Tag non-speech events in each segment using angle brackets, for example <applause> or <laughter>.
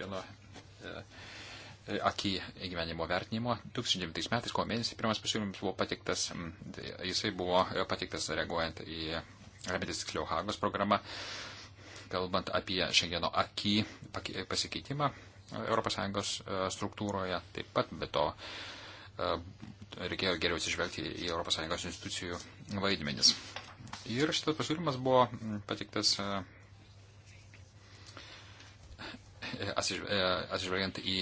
Šengeno e, e, akį įgyvenimo vertinimo. 2009 metais, kovo mėnesį, pirmas pasiūlymas buvo pateiktas, tai jisai buvo pateiktas reaguojant į, remintis tiksliau, Hagos programą, kalbant apie Šengeno akį pasikeitimą ES e, struktūroje. Taip pat, be to, reikėjo geriau atsižvelgti į ES institucijų vaidmenis. Ir šitas pasiūlymas buvo pateiktas E, atsižvelgiant į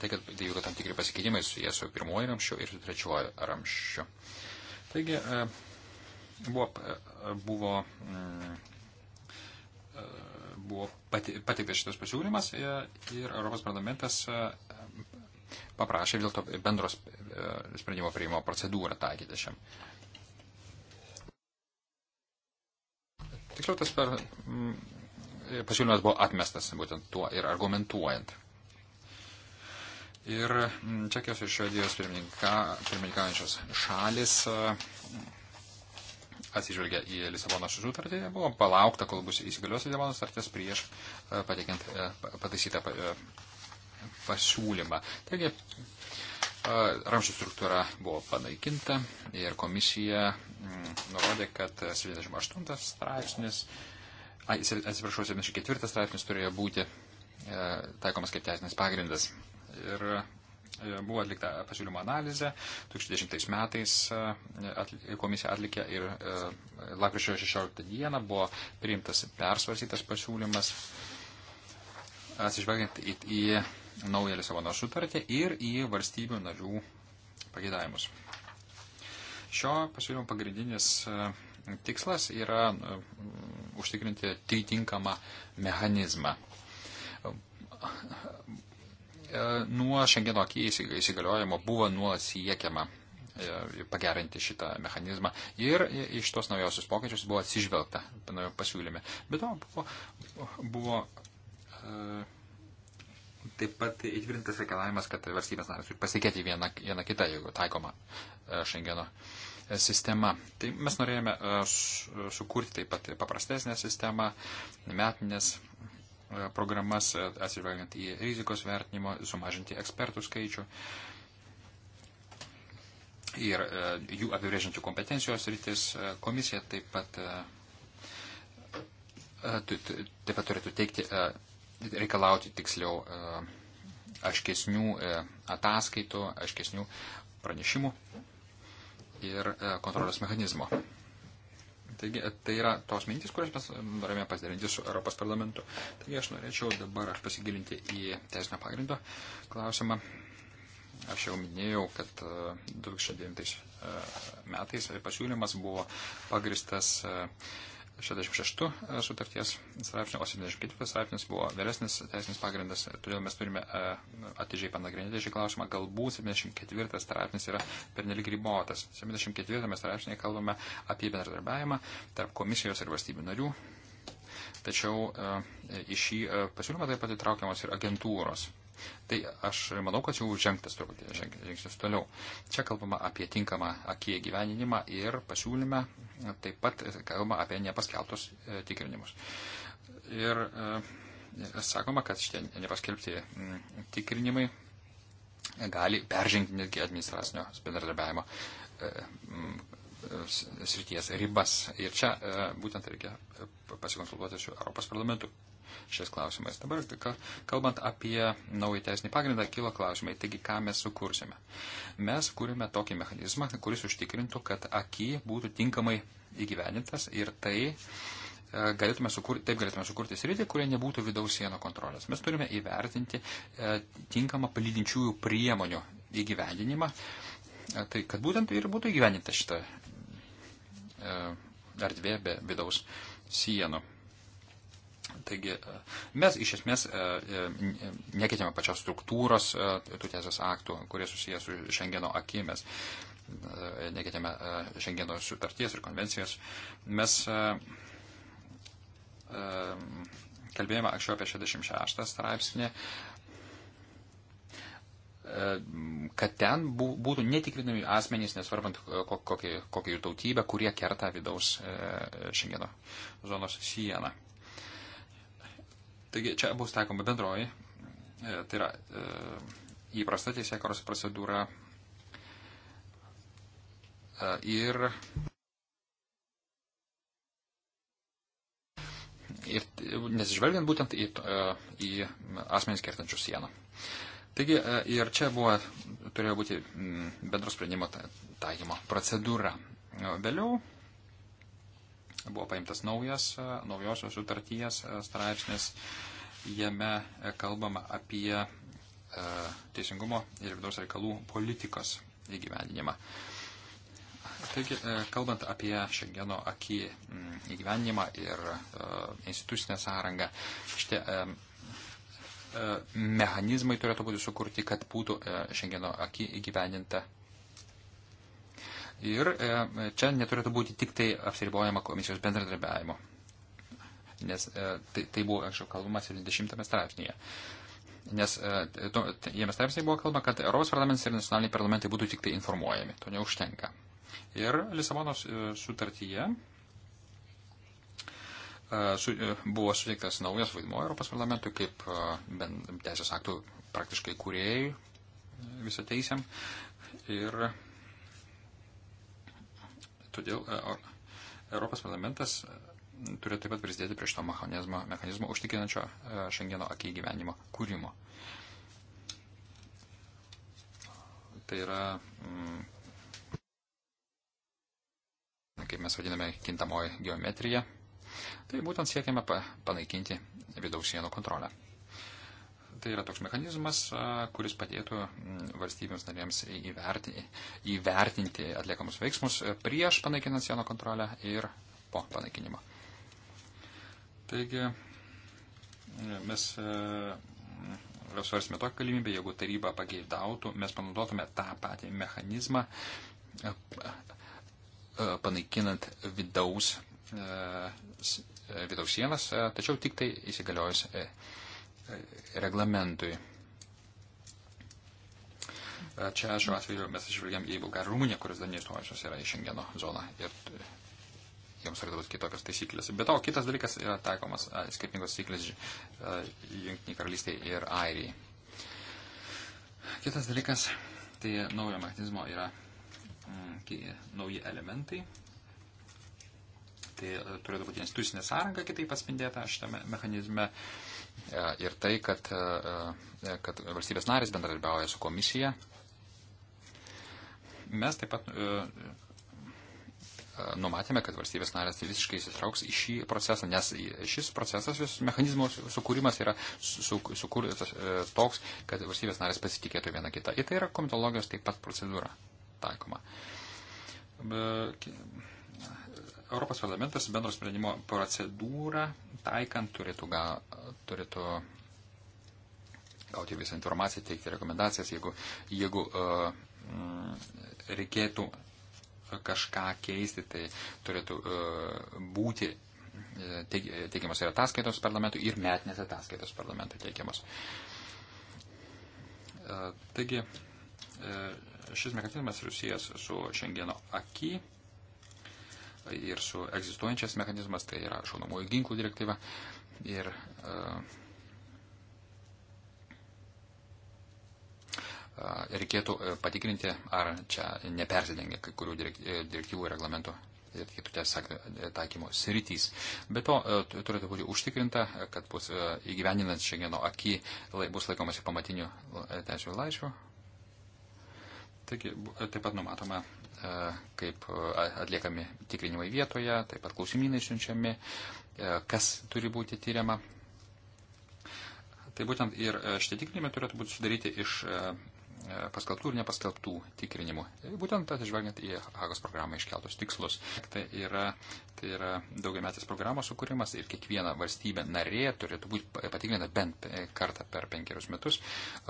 tai, kad įvyko tam tikri pasikeitimai su jie su pirmoju ramščiu ir su trečiuoju ramščiu. Taigi e, buvo, e, buvo, mm, buvo pateiktas šitas pasiūlymas ir Europos parlamentas paprašė dėl to bendros sprendimo priimo procedūrą taikyti šiam. Tiksliau, tas per, mm, pasiūlymas buvo atmestas būtent tuo ir argumentuojant. Ir mm, Čekijos ir Švedijos pirmininka, pirmininkaujančios šalis mm, atsižvelgia į Lisabono sutartį, buvo palaukta, kol bus įsigalios Lisabono sutartis prieš e, pateikiant e, pataisytą e, pasiūlymą. Taigi, ramščių struktūra buvo panaikinta ir komisija mm, nurodė, kad 78 straipsnis atsiprašau, 74 straipsnis turėjo būti e, taikomas kaip teisinis pagrindas. Ir e, buvo atlikta pasiūlymo analizė, 2010 metais e, atli, komisija atlikė ir e, lakryčio 16 dieną buvo priimtas persvarsytas pasiūlymas, atsižvelgiant į, į naują Lisabono sutartį ir į valstybių narių pagėdavimus. Šio pasiūlymo pagrindinis e, Tikslas yra e, užtikrinti tai tinkamą mechanizmą. E, nuo šiandieno įsigaliojimo buvo nuolat siekiama e, pagerinti šitą mechanizmą. Ir iš tos naujosius pokyčius buvo atsižvelgta pasiūlyme. Bet to buvo, buvo taip pat įtvirtintas reikalavimas, kad valstybės narės turi pasitikėti vieną, vieną kitą, jeigu taikoma Šengeno uh, E, sistema. Tai mes norėjome e, sukurti taip pat paprastesnę sistemą, metinės e, programas, atsižvelgiant į rizikos vertinimo, sumažinti ekspertų skaičių ir jų apibrėžinčių kompetencijos rytis. Komisija taip pat, taip pat turėtų teikti, reikalauti tiksliau aiškesnių ataskaitų, aiškesnių pranešimų ir e, kontrolės mechanizmo. Taigi, tai yra tos mintys, kurias mes norime pasidalinti su Europos parlamentu. Taigi, aš norėčiau dabar aš pasigilinti į teisinio pagrindo klausimą. Aš jau minėjau, kad 2009 e, e, metais pasiūlymas buvo pagristas 66 e, sutarties straipsnio, o 74 straipsnis buvo vėlesnis teisinis pagrindas, todėl mes turime e, atidžiai panagrinėti šį klausimą. Galbūt 74 straipsnis yra pernelik ribotas. 74 straipsnėje kalbame apie bendradarbiavimą tarp komisijos ir valstybių narių. Tačiau e, į šį pasiūlymą taip pat įtraukiamos ir agentūros. Tai aš manau, kad jau žengtas truputį žingsnis toliau. Čia kalbama apie tinkamą akie gyveninimą ir pasiūlyme taip pat kalbama apie nepaskeltus e, tikrinimus. Ir e, sakoma, kad šitie nepaskelbti tikrinimai gali peržengti netgi administracinio bendradarbiavimo e, srities ribas. Ir čia būtent reikia pasikonsultuoti su Europos parlamentu šiais klausimais. Dabar, kalbant apie naują teisinį pagrindą, kilo klausimai, taigi ką mes sukursime. Mes kūrime tokį mechanizmą, kuris užtikrintų, kad aki būtų tinkamai įgyvenintas ir tai e, galėtume sukurti, taip galėtume sukurti sritį, kurie nebūtų vidaus sienų kontrolės. Mes turime įvertinti e, tinkamą palydinčiųjų priemonių įgyvendinimą, e, tai kad būtent ir būtų įgyvendinta šita erdvė be vidaus sienų. Taigi e, mes iš esmės e, e, nekeitėme pačios struktūros tų teisės aktų, kurie susijęs su Šengeno akimis, nekeitėme Šengeno sutarties ir konvencijos. Mes kalbėjome anksčiau apie 66 straipsnį, kad ten būtų netikrinami asmenys, nesvarbant kokią jų tautybę, kurie kerta vidaus Šengeno zonos sieną. Taigi čia bus taikoma bendroji, e, tai yra e, įprasta teisėkaros procedūra e, ir, ir nesižvelgiant būtent į, į asmenys kertančių sieną. Taigi ir čia buvo, turėjo būti bendro sprendimo taikymo procedūra. Vėliau buvo paimtas naujas, e, naujosios sutarties e, straipsnis. Jame e, kalbama apie teisingumo ir vidaus reikalų politikos įgyvendinimą. Taigi, kalbant apie Šengeno akį įgyvendinimą ir institucinę sąrangą, šitie mechanizmai turėtų būti sukurti, kad būtų Šengeno akį įgyvendinta Ir e, čia neturėtų būti tik tai apsiribojama komisijos bendradarbiavimo, nes e, tai, tai buvo anksčiau kalbama 70 straipsnėje. Nes e, jame straipsnėje buvo kalba, kad Europos parlamentas ir nacionaliniai parlamentai būtų tik tai informuojami, to neužtenka. Ir Lisabonos sutartyje su, buvo suteiktas naujas vaidmo Europos parlamentui kaip bent teisės aktų praktiškai kuriejai visą teisėm. Ir Todėl e, Europos parlamentas e, turi taip pat prisidėti prie šito mechanizmo, mechanizmo užtikrinančio e, šengeno akiai gyvenimo kūrimo. Tai yra, mm, kaip mes vadiname, kintamoji geometrija. Tai būtent siekiame panaikinti vidaus sienų kontrolę tai yra toks mechanizmas, kuris padėtų mm, valstybėms narėms įvertinti, įvertinti atliekamus veiksmus prieš panaikinant sienų kontrolę ir po panaikinimo. Taigi, e, mes e, mm, svarsime tokią galimybę, jeigu taryba pageidautų, mes panaudotume tą patį mechanizmą e, panaikinant vidaus, vidaus sienas, tačiau tik tai įsigaliojus reglamentui. Čia šiuo atveju mes išvelgiam į Bulgariją ir Rumuniją, kuris dar neįstojusios yra į Šengeno zoną ir e, joms yra dabar kitokios taisyklės. Bet o kitas dalykas yra taikomas skirtingos taisyklės Junktiniai karalystiai ir Airijai. Kitas dalykas, tai naujo mechanizmo yra mm, nauji elementai. Tai e, turėtų būti institucinė sąranga kitaip atspindėta šitame mechanizme. Uh, E, ir tai, kad, e, e, kad valstybės narės bendradarbiauja su komisija. Mes taip pat numatėme, kad valstybės narės visiškai įsitrauks į šį procesą, nes šis procesas, šis mechanizmo sukūrimas yra sukurtas su, su, toks, kad valstybės narės pasitikėtų viena kita. Ir tai yra komitologijos taip pat procedūra taikoma. Europos parlamentas bendro sprendimo procedūrą taikant turėtų, ga, turėtų gauti visą informaciją, teikti rekomendacijas, jeigu, jeigu uh, reikėtų kažką keisti, tai turėtų uh, būti e, teikiamas ir ataskaitos parlamentui, ir metinės ataskaitos parlamentui teikiamas. Uh, taigi, uh, šis mechanizmas susijęs su Šengeno akį ir su egzistuojančias mechanizmas, tai yra šaunamųjų ginklų direktyva. Ir, e, e, reikėtų e, patikrinti, ar čia nepersidengia kai kurių direktyvų reglamentų ir kitų tiesiog taikymo sritys. Be to, turėtų būti užtikrinta, kad bus įgyveninant šiandieno akį bus laikomasi pamatinių teisų laisvių. Taigi, taip pat numatoma E, kaip e, atliekami tikrinimai vietoje, taip pat klausimynai siunčiami, e, kas turi būti tyriama. Tai būtent ir šitie tikrinimai turėtų būti sudaryti iš paskelbtų ir nepaskelbtų tikrinimų. Būtent atsižvelgiant į Hagos programą iškeltus tikslus. Tai yra, tai yra daugiametis programos sukūrimas ir kiekviena valstybė narė turėtų būti patikrinta bent kartą per penkerius metus.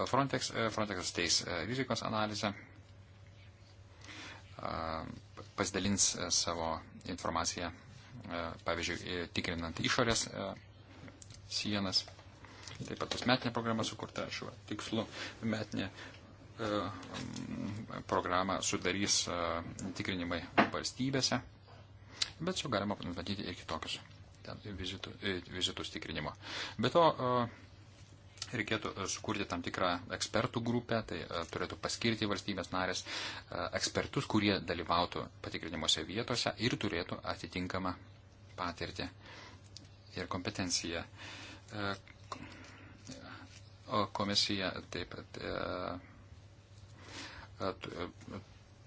Frontex, Frontexas teis rizikos analizę pasidalins e, savo informaciją, e, pavyzdžiui, tikrinant išorės e, sienas. Taip pat bus metinė programa sukurta šiuo tikslu. Metinė programą sudarys tikrinimai valstybėse, bet čia galima matyti ir kitokius ten vizitų, vizitus tikrinimo. Be to, reikėtų e, sukurti tam tikrą ekspertų grupę, tai e, turėtų paskirti valstybės narės e, ekspertus, kurie dalyvautų patikrinimuose vietose ir turėtų atitinkamą patirtį ir kompetenciją. O komisija taip pat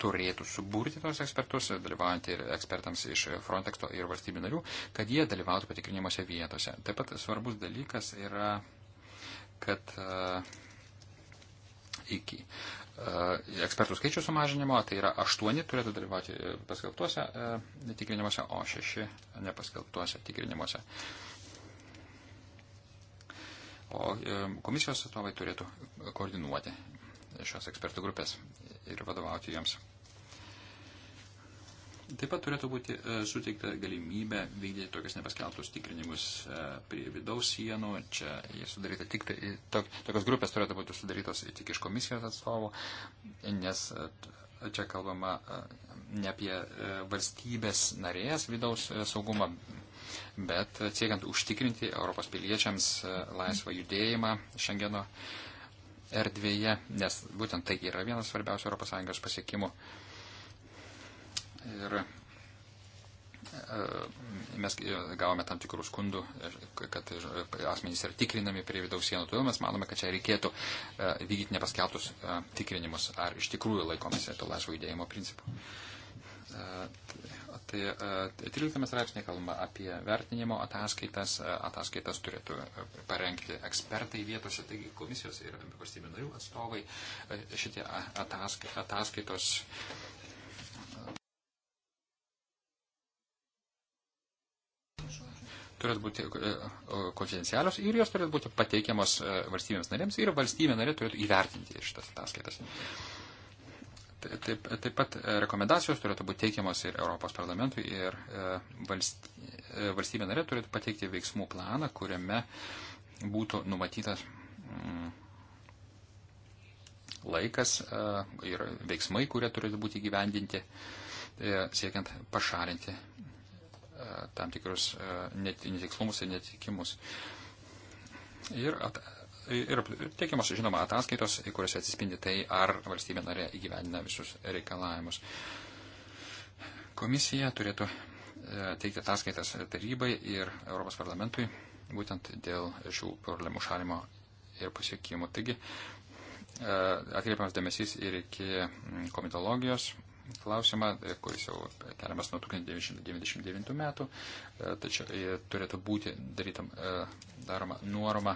turėtų suburti tos ekspertus, dalyvaujant ir ekspertams iš Frontexto ir valstybių narių, kad jie dalyvautų patikrinimuose vietose. Taip pat svarbus dalykas yra kad e, iki e, ekspertų skaičių sumažinimo, tai yra 8 turėtų dalyvauti paskelbtuose e, tikrinimuose, o 6 nepaskelbtuose tikrinimuose. O komisijos atstovai turėtų koordinuoti šios ekspertų grupės ir vadovauti joms. Taip pat turėtų būti e, suteikta galimybė vykdyti tokius nepaskeltus tikrinimus e, prie vidaus sienų. Čia jie sudaryta tik tai, e, tok, tokios grupės turėtų būti sudarytos tik iš komisijos atstovų, nes čia kalbama ne apie valstybės narės vidaus saugumą, bet siekiant užtikrinti Europos piliečiams laisvą judėjimą Šengeno erdvėje, nes būtent tai yra vienas svarbiausių ES pasiekimų. Ir e, mes gavome tam tikrų skundų, kad asmenys yra tikrinami prie vidaus sienų, todėl mes manome, kad čia reikėtų e, vykdyti nepaskeltus e, tikrinimus, ar iš tikrųjų laikomasi to laisvo judėjimo principų. Tai 13 tai straipsnė kalba apie vertinimo ataskaitas. Ataskaitas turėtų parengti ekspertai vietose, taigi komisijos ir valstybių narių atstovai. Šitie ataskaitos turėtų būti e, konfidencialios ir jos turėtų būti pateikiamos e, valstybėms narėms ir valstybė narė turėtų įvertinti šitas ataskaitas. Taip, taip pat e, rekomendacijos turėtų būti teikiamos ir Europos parlamentui ir valstybė narė turėtų pateikti veiksmų planą, kuriame būtų numatytas mm, laikas ir veiksmai, kurie turėtų būti gyvendinti siekiant pašalinti tam tikrus e, netikslumus ir netikimus. Ir, at, ir teikiamas, žinoma, ataskaitos, kuriuose atsispindi tai, ar valstybė narė įgyvendina visus reikalavimus. Komisija turėtų e, teikti ataskaitas tarybai ir Europos parlamentui būtent dėl šių problemų šalimo ir pasiekimų. Taigi, e, atkreipiamas dėmesys ir iki mm, komitologijos klausimą, e, kuris jau keliamas nuo 1999 metų, e, tačiau e, turėtų būti darytam, daroma nuoroma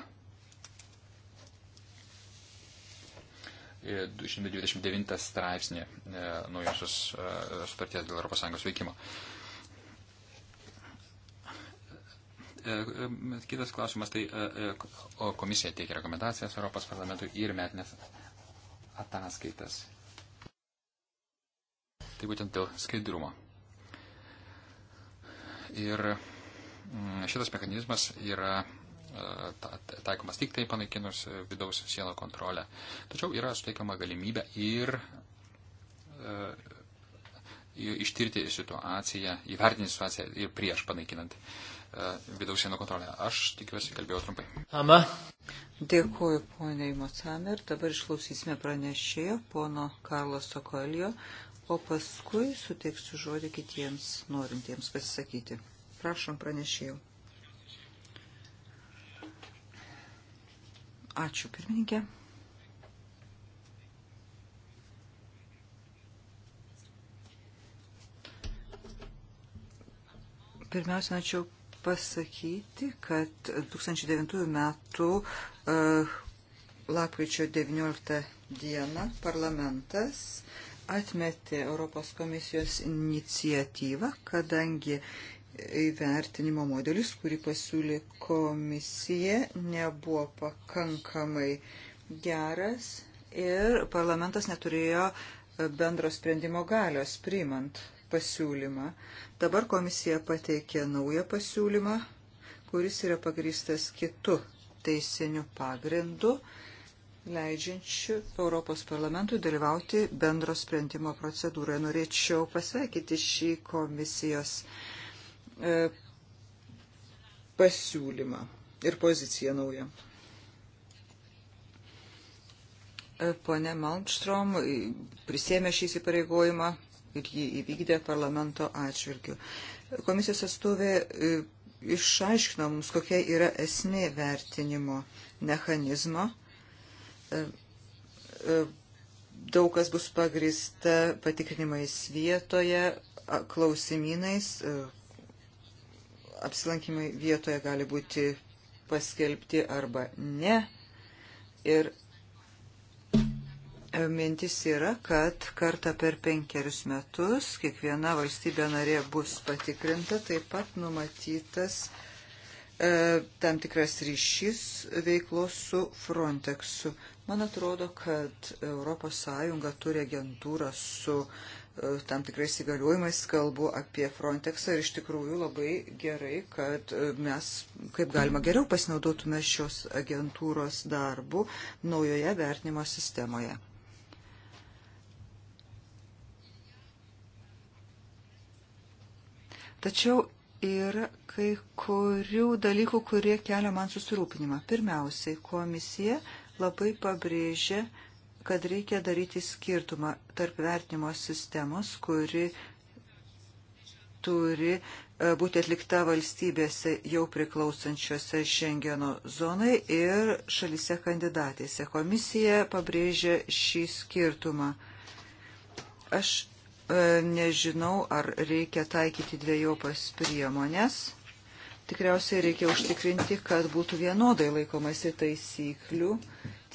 229 straipsnį naujosios sutarties dėl ES veikimo. Kitas klausimas, tai komisija teikia rekomendacijas Europos parlamentui ir metinės ataskaitas Tai būtent dėl skaidrumo. Ir mm, šitas mechanizmas yra e, taikomas tik tai panaikinus e, vidaus sienų kontrolę. Tačiau yra suteikiama galimybė ir e, ištirti situaciją, įvertinti situaciją ir prieš panaikinant vidaus sienų kontrolę. Aš tikiuosi, kalbėjau trumpai. Ama. Dėkuoju poniai Mocamer. Dabar išklausysime pranešėjo pono Karlo Sokolio o paskui suteiksiu žodį kitiems norintiems pasisakyti. Prašom pranešėjau. Ačiū, pirmininkė. Pirmiausia, norėčiau pasakyti, kad 2009 metų uh, lapkričio 19 dieną parlamentas uh, atmetė Europos komisijos iniciatyvą, kadangi įvertinimo modelis, kurį pasiūlė komisija, nebuvo pakankamai geras ir parlamentas neturėjo bendro sprendimo galios priimant pasiūlymą. Dabar komisija pateikė naują pasiūlymą, kuris yra pagrįstas kitu teisiniu pagrindu leidžiančių Europos parlamentui dalyvauti bendro sprendimo procedūroje. Norėčiau pasveikinti šį komisijos e, pasiūlymą ir poziciją naują. E, pone Malmstrom prisėmė šį įsipareigojimą ir jį įvykdė parlamento atžvilgiu. Komisijos atstovė e, išaiškino mums, kokia yra esmė vertinimo mechanizmo daug kas bus pagrista patikrinimais vietoje, klausimynais, apsilankimai vietoje gali būti paskelbti arba ne. Ir e, mintis yra, kad kartą per penkerius metus kiekviena valstybė narė bus patikrinta, taip pat numatytas e, tam tikras ryšys veiklos su Frontexu. Man atrodo, kad ES turi agentūrą su e, tam tikrais įgaliojimais, kalbu apie Frontexą ir iš tikrųjų labai gerai, kad e, mes kaip galima geriau pasinaudotume šios agentūros darbų naujoje vertinimo sistemoje. Tačiau yra kai kurių dalykų, kurie kelia man susirūpinimą. Pirmiausiai, komisija labai pabrėžia, kad reikia daryti skirtumą tarp vertinimo sistemos, kuri turi e, būti atlikta valstybėse jau priklausančiose Šengeno zonai ir šalise kandidatėse. Komisija pabrėžia šį skirtumą. Aš e, nežinau, ar reikia taikyti dviejopas priemonės tikriausiai reikia užtikrinti, kad būtų vienodai laikomasi taisyklių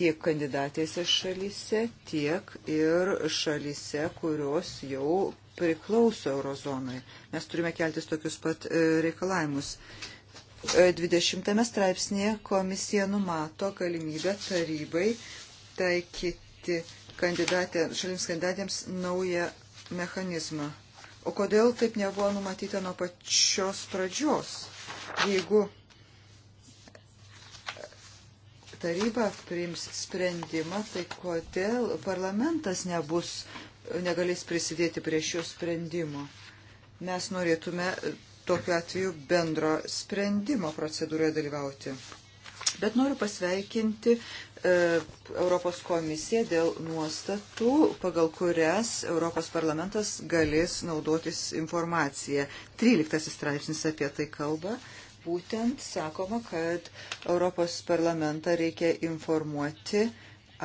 tiek kandidatėse šalyse, tiek ir šalyse, kurios jau priklauso eurozonai. Mes turime keltis tokius pat e, reikalavimus. 20 e, straipsnėje komisija numato galimybę tarybai taikyti kandidatė, šalims kandidatėms naują mechanizmą. O kodėl taip nebuvo numatyta nuo pačios pradžios? Jeigu taryba priims sprendimą, tai kodėl parlamentas nebus, negalės prisidėti prie šio sprendimo? Mes norėtume tokiu atveju bendro sprendimo procedūroje dalyvauti. Bet noriu pasveikinti e, Europos komisiją dėl nuostatų, pagal kurias Europos parlamentas galės naudotis informaciją. 13 straipsnis apie tai kalba. E, būtent sakoma, kad Europos parlamentą reikia informuoti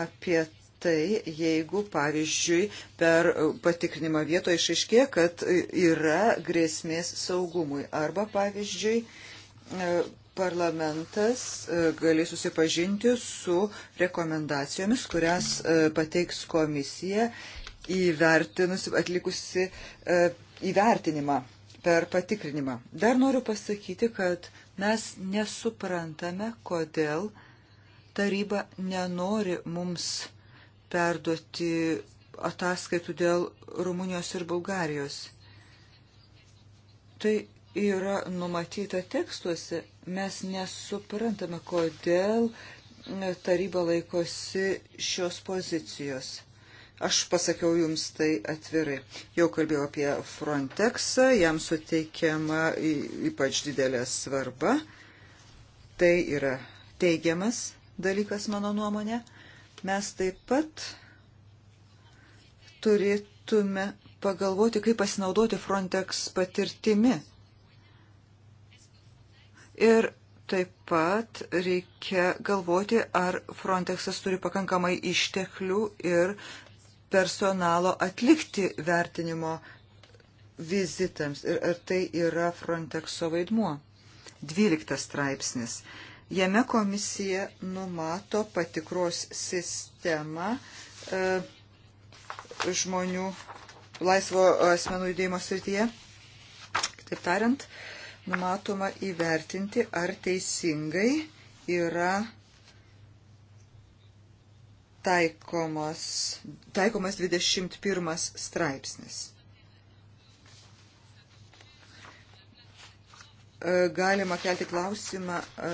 apie tai, jeigu, pavyzdžiui, per patikrinimą vietoje išaiškė, kad yra grėsmės saugumui. Arba, pavyzdžiui, parlamentas e, gali susipažinti su rekomendacijomis, kurias e, pateiks komisija įvertinusi, atlikusi e, įvertinimą per patikrinimą. Dar noriu pasakyti, kad mes nesuprantame, kodėl taryba nenori mums perduoti ataskaitų dėl Rumunijos ir Bulgarijos. Tai yra numatyta tekstuose. Mes nesuprantame, kodėl taryba laikosi šios pozicijos. Aš pasakiau jums tai atvirai. Jau kalbėjau apie Frontexą, jam suteikiama ypač didelė svarba. Tai yra teigiamas dalykas mano nuomonė. Mes taip pat turėtume pagalvoti, kaip pasinaudoti Frontex patirtimi. Ir taip pat reikia galvoti, ar Frontexas turi pakankamai išteklių ir personalo atlikti vertinimo vizitams ir ar tai yra Frontexo vaidmuo. 12 straipsnis. Jame komisija numato patikros sistemą e, žmonių laisvo asmenų judėjimo srityje. Kitaip tariant, numatoma įvertinti, ar teisingai yra taikomos, taikomas 21 straipsnis. E, galima kelti klausimą, e,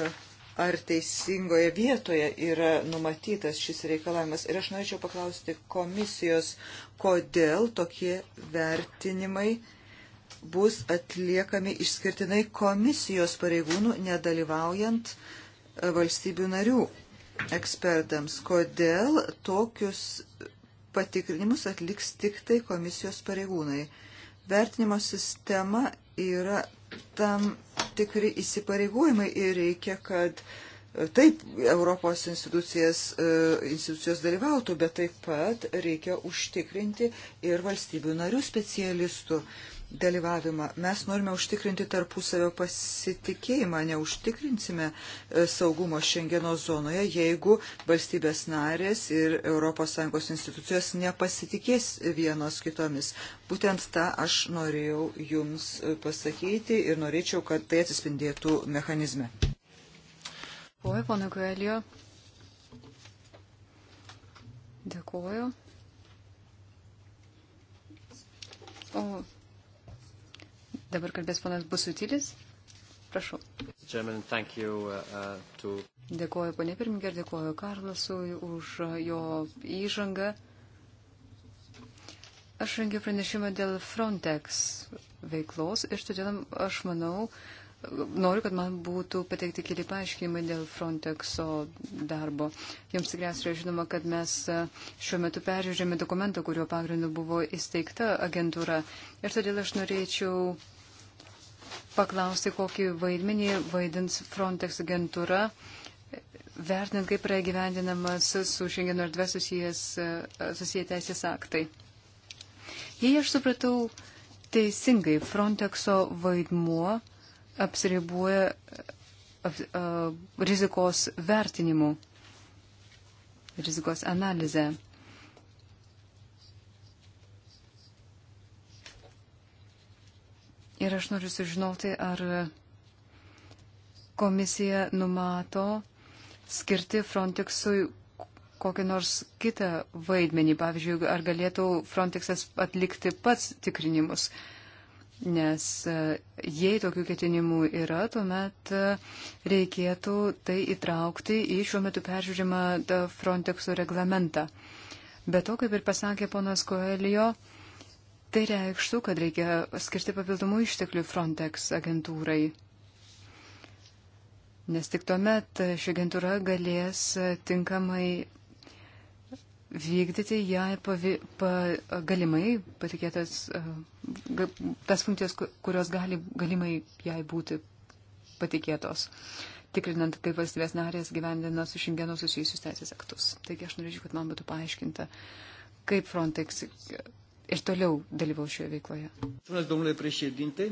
ar teisingoje vietoje yra numatytas šis reikalavimas. Ir aš norėčiau paklausti komisijos, kodėl tokie vertinimai bus atliekami išskirtinai komisijos pareigūnų, nedalyvaujant e, valstybių narių ekspertams, kodėl tokius patikrinimus atliks tik tai komisijos pareigūnai. Vertinimo sistema yra tam tikri įsipareigojimai ir reikia, kad e, taip Europos institucijas, e, institucijos dalyvautų, bet taip pat reikia užtikrinti ir valstybių narių specialistų. Uh, dalyvavimą. Mes norime užtikrinti tarpusavio pasitikėjimą, neužtikrinsime e, saugumo Šengeno zonoje, jeigu valstybės narės ir ES institucijos nepasitikės vienos kitomis. Būtent tą aš norėjau Jums e, pasakyti ir norėčiau, kad tai atsispindėtų mechanizme. Oi, pana Gaelio. Dėkuoju. O Dabar kalbės ponas Busutilis. Prašau. German, you, uh, uh, to... Dėkuoju ponė pirmininkė ir dėkuoju Karlosui už jo įžangą. Aš rengiu pranešimą dėl Frontex veiklos ir todėl aš manau, noriu, kad man būtų pateikti keli paaiškinimai dėl Frontexo darbo. Jums tikriausiai yra žinoma, kad mes uh, šiuo metu peržiūrėjome dokumentą, kurio pagrindu buvo įsteigta agentūra. Ir todėl aš norėčiau paklausti, kokį vaidmenį vaidins Frontex agentūra, vertinant, kaip yra gyvendinamas su Šengeno erdvė susiję teisės aktai. Jei aš supratau teisingai, Frontexo vaidmuo apsiribuoja ap, a, rizikos vertinimu, rizikos analize. Ir aš noriu sužinoti, ar komisija numato skirti Frontexui kokį nors kitą vaidmenį, pavyzdžiui, ar galėtų Frontexas atlikti pats tikrinimus. Nes e, jei tokių ketinimų yra, tuomet e, reikėtų tai įtraukti į šiuo metu peržiūrimą e, Frontexo reglamentą. Be to, kaip ir pasakė ponas Koelio, Tai reikštų, kad reikia skirti papildomų išteklių Frontex agentūrai, nes tik tuomet ši agentūra galės tinkamai vykdyti jai pavi, pa, galimai patikėtas tas funkcijas, kurios gali, galimai jai būti patikėtos, tikrinant, kaip valstybės narės gyvendina su šiandieno susijusius teisės aktus. Taigi aš norėčiau, kad man būtų paaiškinta, kaip Frontex ir toliau dalyvaus šioje veikloje. Mulțumesc, domnule președinte.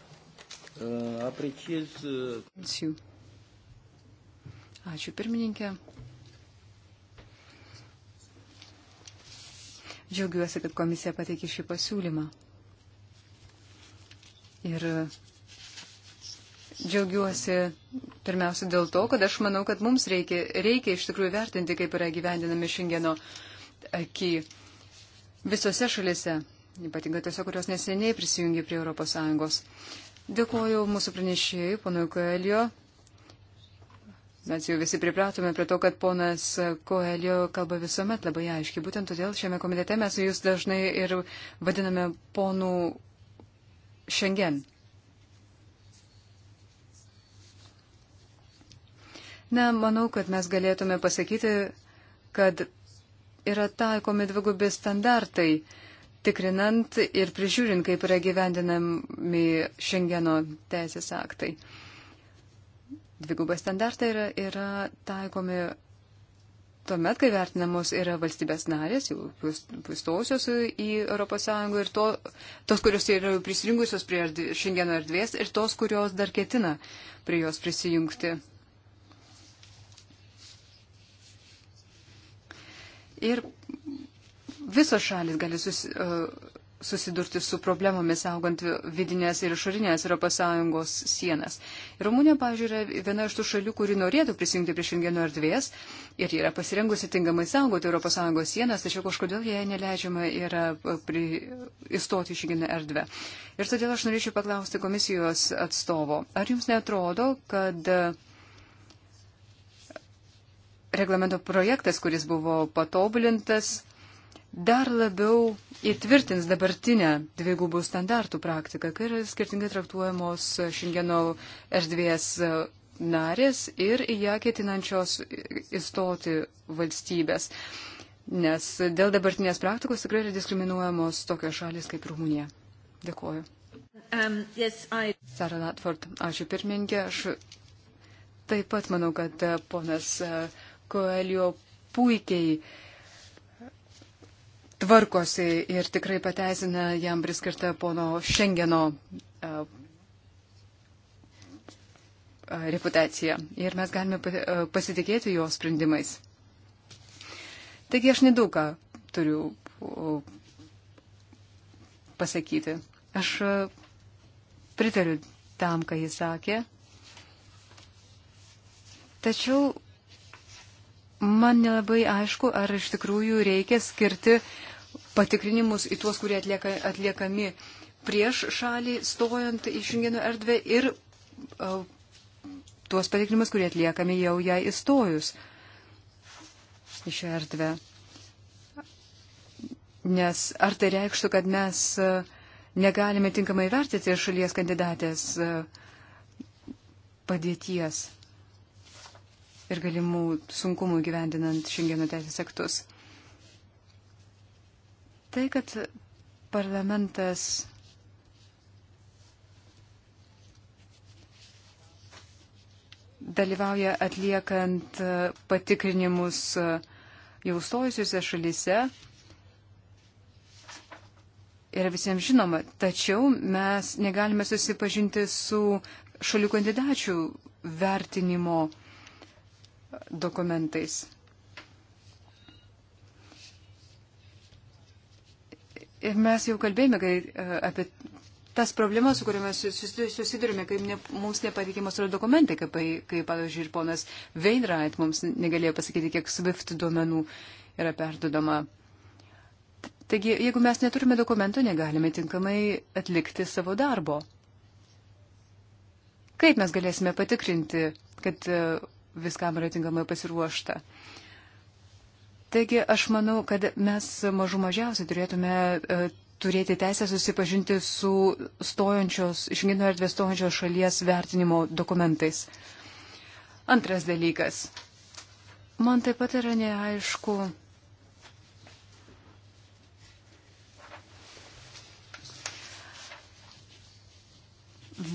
<clears throat> Apreciez. Uh, Ačiū. Ačiū, pirmininkė. Džiaugiuosi, kad komisija pateikė šį pasiūlymą. Ir uh, džiaugiuosi pirmiausia dėl to, kad aš manau, kad mums reikia, reikia iš tikrųjų vertinti, kaip yra gyvendinami šiandieno akį visose šalise, ypatingai tose, kurios neseniai prisijungė prie ES. Dėkuoju mūsų pranešėjai, ponui Koelio. Mes jau visi pripratome prie to, kad ponas Koelio kalba visuomet labai aiškiai. Būtent todėl šiame komitete mes jūs dažnai ir vadiname ponų šiandien. Na, manau, kad mes galėtume pasakyti, kad yra taikomi dvigubi standartai, tikrinant ir prižiūrint, kaip yra gyvendinami Šengeno teisės aktai. Dvigubai standartai yra, yra taikomi tuomet, kai vertinamos yra valstybės narės, jau pustosios į ES ir to, tos, kurios yra prisijungusios prie Šengeno erdvės ir tos, kurios dar ketina prie jos prisijungti. Ir visos šalis gali susi, e, susidurti su problemomis augant vidinės ir išorinės Europos Sąjungos sienas. Ir Rumunija, pavyzdžiui, yra viena iš tų šalių, kuri norėtų prisijungti prie šengeno erdvės ir yra pasirengusi tingamai saugoti Europos Sąjungos sienas, tačiau kažkodėl jai neleidžiama yra pri, įstoti į šengeno erdvę. Ir todėl aš norėčiau paklausti komisijos atstovo, ar jums netrodo, kad uh, reglamento projektas, kuris buvo patobulintas, dar labiau įtvirtins dabartinę dvigubų standartų praktiką, kai yra skirtingai traktuojamos šiandieno erdvės narės ir į ją ketinančios įstoti valstybės. Nes dėl dabartinės praktikos tikrai yra diskriminuojamos tokios šalis kaip Rumunija. Dėkuoju. Um, yes, I... Sara Latford, ačiū pirmininkė. Aš taip pat manau, kad ponas. Uh, Koelio puikiai tvarkosi ir tikrai pateisina jam priskirtą pono Šengeno e, e, reputaciją ir mes galime e, pasitikėti jo sprendimais. Taigi aš nedaug ką turiu pasakyti. Aš pritariu tam, ką jis sakė. Tačiau man nelabai aišku, ar iš tikrųjų reikia skirti patikrinimus į tuos, kurie atlieka, atliekami prieš šalį stojant į šengeno erdvę ir uh, tuos patikrinimus, kurie atliekami jau ją įstojus į šią erdvę. Nes ar tai reikštų, kad mes negalime tinkamai vertinti šalies kandidatės padėties? ir galimų sunkumų gyvendinant šiandieno teisės aktus. Tai, kad parlamentas dalyvauja atliekant patikrinimus jau stojusiuose šalyse, yra visiems žinoma. Tačiau mes negalime susipažinti su šalių kandidačių vertinimo dokumentais. Ir mes jau kalbėjome kai, e, apie tas problemas, su kuriomis susidurime, kai ne, mums nepatikimos yra dokumentai, kaip, kaip pavyzdžiui, ir ponas Veinrait mums negalėjo pasakyti, kiek SWIFT duomenų yra perdudama. Taigi, jeigu mes neturime dokumento, negalime tinkamai atlikti savo darbo. Kaip mes galėsime patikrinti, kad e, viskam yra tinkamai pasiruošta. Taigi aš manau, kad mes mažų mažiausiai turėtume e, turėti teisę susipažinti su stojančios, šengino erdvės stojančios šalies vertinimo dokumentais. Antras dalykas. Man taip pat yra neaišku.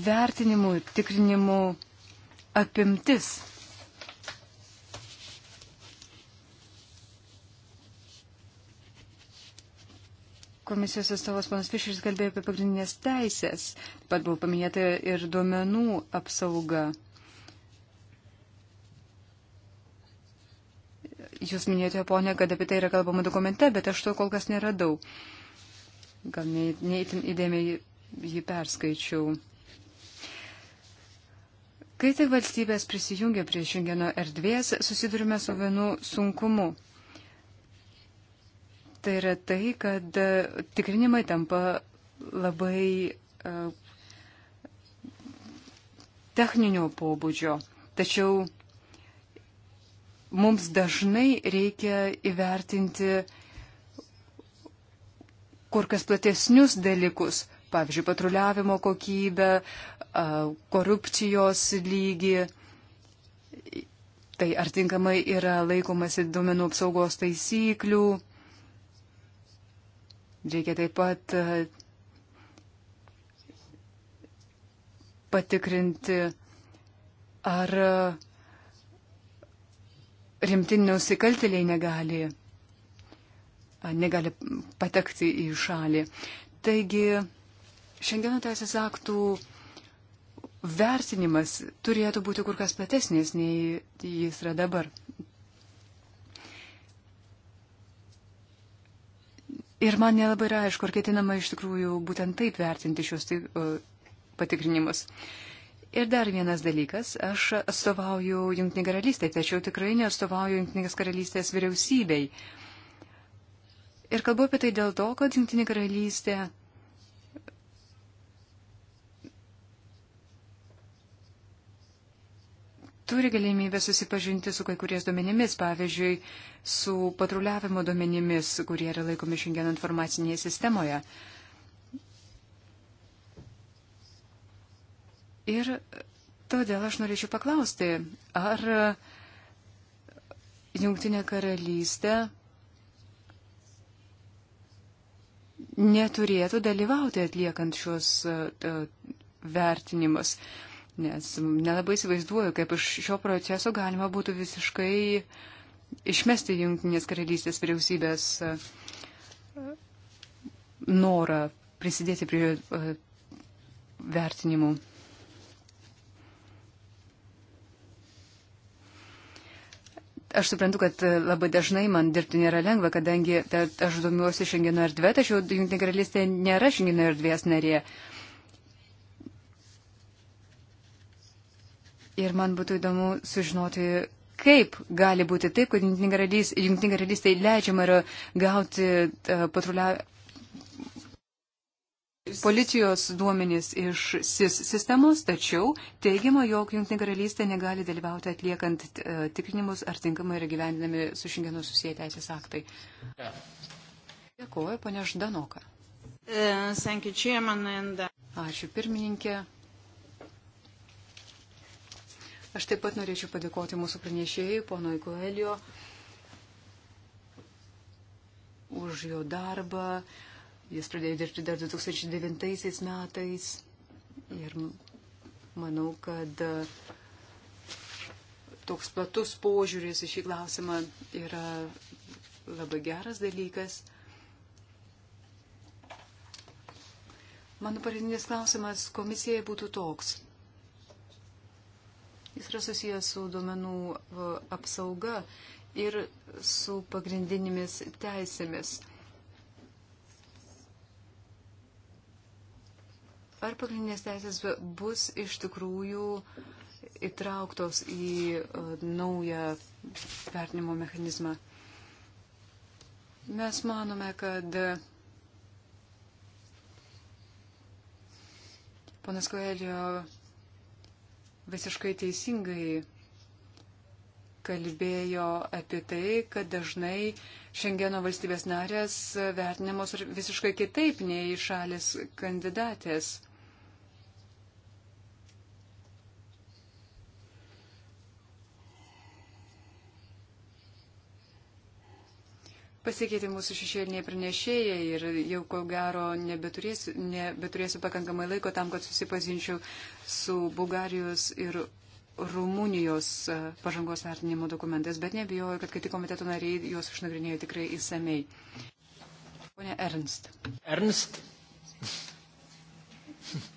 Vertinimų, tikrinimų apimtis komisijos atstovas panas Fišeris kalbėjo apie pagrindinės teisės, taip pat buvo paminėta ir duomenų apsauga. Jūs minėjote, ponė, kad apie tai yra kalbama dokumente, bet aš to kol kas neradau. Gal neįtin įdėmiai jį perskaičiau. Kai tik valstybės prisijungia prie šiandieno erdvės, susidurime su vienu sunkumu tai yra tai, kad e, tikrinimai tampa labai e, techninio pobūdžio. Tačiau mums dažnai reikia įvertinti kur kas platesnius dalykus, pavyzdžiui, patruliavimo kokybę, korupcijos lygį. Tai ar tinkamai yra laikomasi duomenų apsaugos taisyklių, Reikia taip pat patikrinti, ar rimti nusikaltėliai negali, negali patekti į šalį. Taigi, šiandieno teisės aktų vertinimas turėtų būti kur kas platesnis, nei jis yra dabar. Ir man nelabai yra aišku, ar ketinama iš tikrųjų būtent taip vertinti šios tai, patikrinimus. Ir dar vienas dalykas, aš atstovauju Junktinė karalystė, tačiau tikrai neatstovauju Junktinės karalystės vyriausybei. Ir kalbu apie tai dėl to, kad Junktinė karalystė turi galimybę susipažinti su kai kuriais duomenimis, pavyzdžiui, su patruliavimo duomenimis, kurie yra laikomi šiandien informacinėje sistemoje. Ir todėl aš norėčiau paklausti, ar Jungtinė karalystė neturėtų dalyvauti atliekant šios e, vertinimus nes nelabai įsivaizduoju, kaip iš šio proceso galima būtų visiškai išmesti Junktinės karalystės vyriausybės e, norą prisidėti prie e, vertinimų. Aš suprantu, kad e, labai dažnai man dirbti nėra lengva, kadangi aš domiuosi Šengeno erdvė, tačiau Junktinė karalystė nėra Šengeno erdvės narė. Uh, Ir man būtų įdomu sužinoti, kaip gali būti taip, kad Junktinė karalystė leidžiama yra gauti uh, e, patrulia... policijos duomenys iš SIS sistemos, tačiau teigiama, jog Junktinė karalystė negali dalyvauti atliekant uh, tikrinimus ar tinkamai yra gyvendinami su šingenu susiję teisės aktai. Dėkuoju, ponia Ždanoka. Uh, uh, Ačiū pirmininkė. Aš taip pat norėčiau padėkoti mūsų pranešėjai, ponui Koelio, už jo darbą. Jis pradėjo dirbti dar 2009 metais. Ir manau, kad e, toks platus požiūris į šį klausimą yra labai geras dalykas. Mano pagrindinis klausimas komisijai būtų toks. Jis yra susijęs su duomenų apsauga ir su pagrindinėmis teisėmis. Ar pagrindinės teisės bus iš tikrųjų įtrauktos į e, naują vertinimo mechanizmą? Mes manome, kad ponas Koelio visiškai teisingai kalbėjo apie tai, kad dažnai Šengeno valstybės narės vertinamos visiškai kitaip nei šalis kandidatės. pasikeitė mūsų šešėliniai pranešėjai ir jau ko gero nebeturėsiu, nebeturėsiu pakankamai laiko tam, kad susipažinčiau su Bulgarijos ir Rumunijos pažangos vertinimo dokumentais, bet nebijoju, kad kiti komiteto nariai juos išnagrinėjo tikrai įsamei. Pone Ernst. Ernst.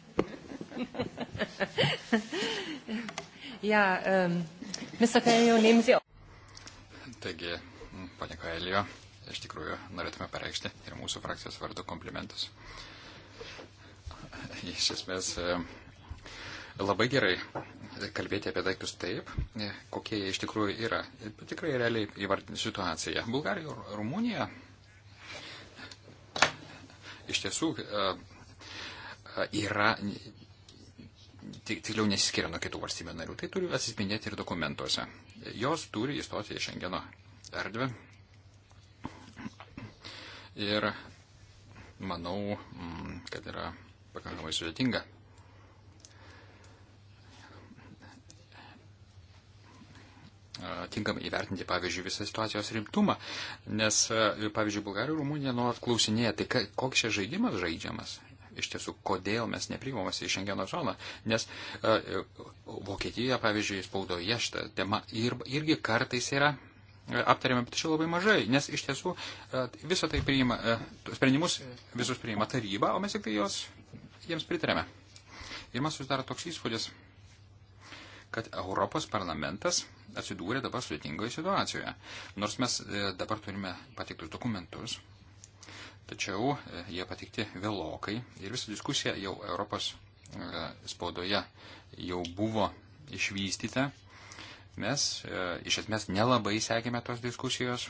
<laughs> ja, um, Mr. Kailio, nehmen Sie auf. Taigi, pane Kailio, iš tikrųjų norėtume pareikšti ir mūsų frakcijos vardu komplimentus. Iš esmės e, labai gerai kalbėti apie daiktus taip, e, kokie jie iš tikrųjų yra. Tikrai realiai įvardinti situaciją. Bulgarija ir Rumunija iš tiesų e, yra tiksliau nesiskiria nuo kitų valstybių narių. Tai turi atsispindėti ir dokumentuose. Jos turi įstoti į Šengeno erdvę Ir manau, mm, kad yra pakankamai sudėtinga. Tinkamai įvertinti, pavyzdžiui, visą situacijos rimtumą, nes, pavyzdžiui, Bulgarija ir Rumunija nuolat klausinėja, tai koks čia žaidimas žaidžiamas iš tiesų, kodėl mes nepriimamas į Šengeno zoną. Nes uh, Vokietijoje, pavyzdžiui, spaudoje šita tema ir, irgi kartais yra aptarėme, tačiau labai mažai, nes iš tiesų e, visą tai priima, e, sprendimus visus priima taryba, o mes tik tai jos, jiems pritarėme. Ir man susidaro toks įspūdis, kad Europos parlamentas atsidūrė dabar sudėtingoje situacijoje. Nors mes e, dabar turime patiktus dokumentus, tačiau jie patikti vėlokai ir visa diskusija jau Europos spaudoje jau buvo išvystyta Mes e, iš esmės nelabai sekėme tos diskusijos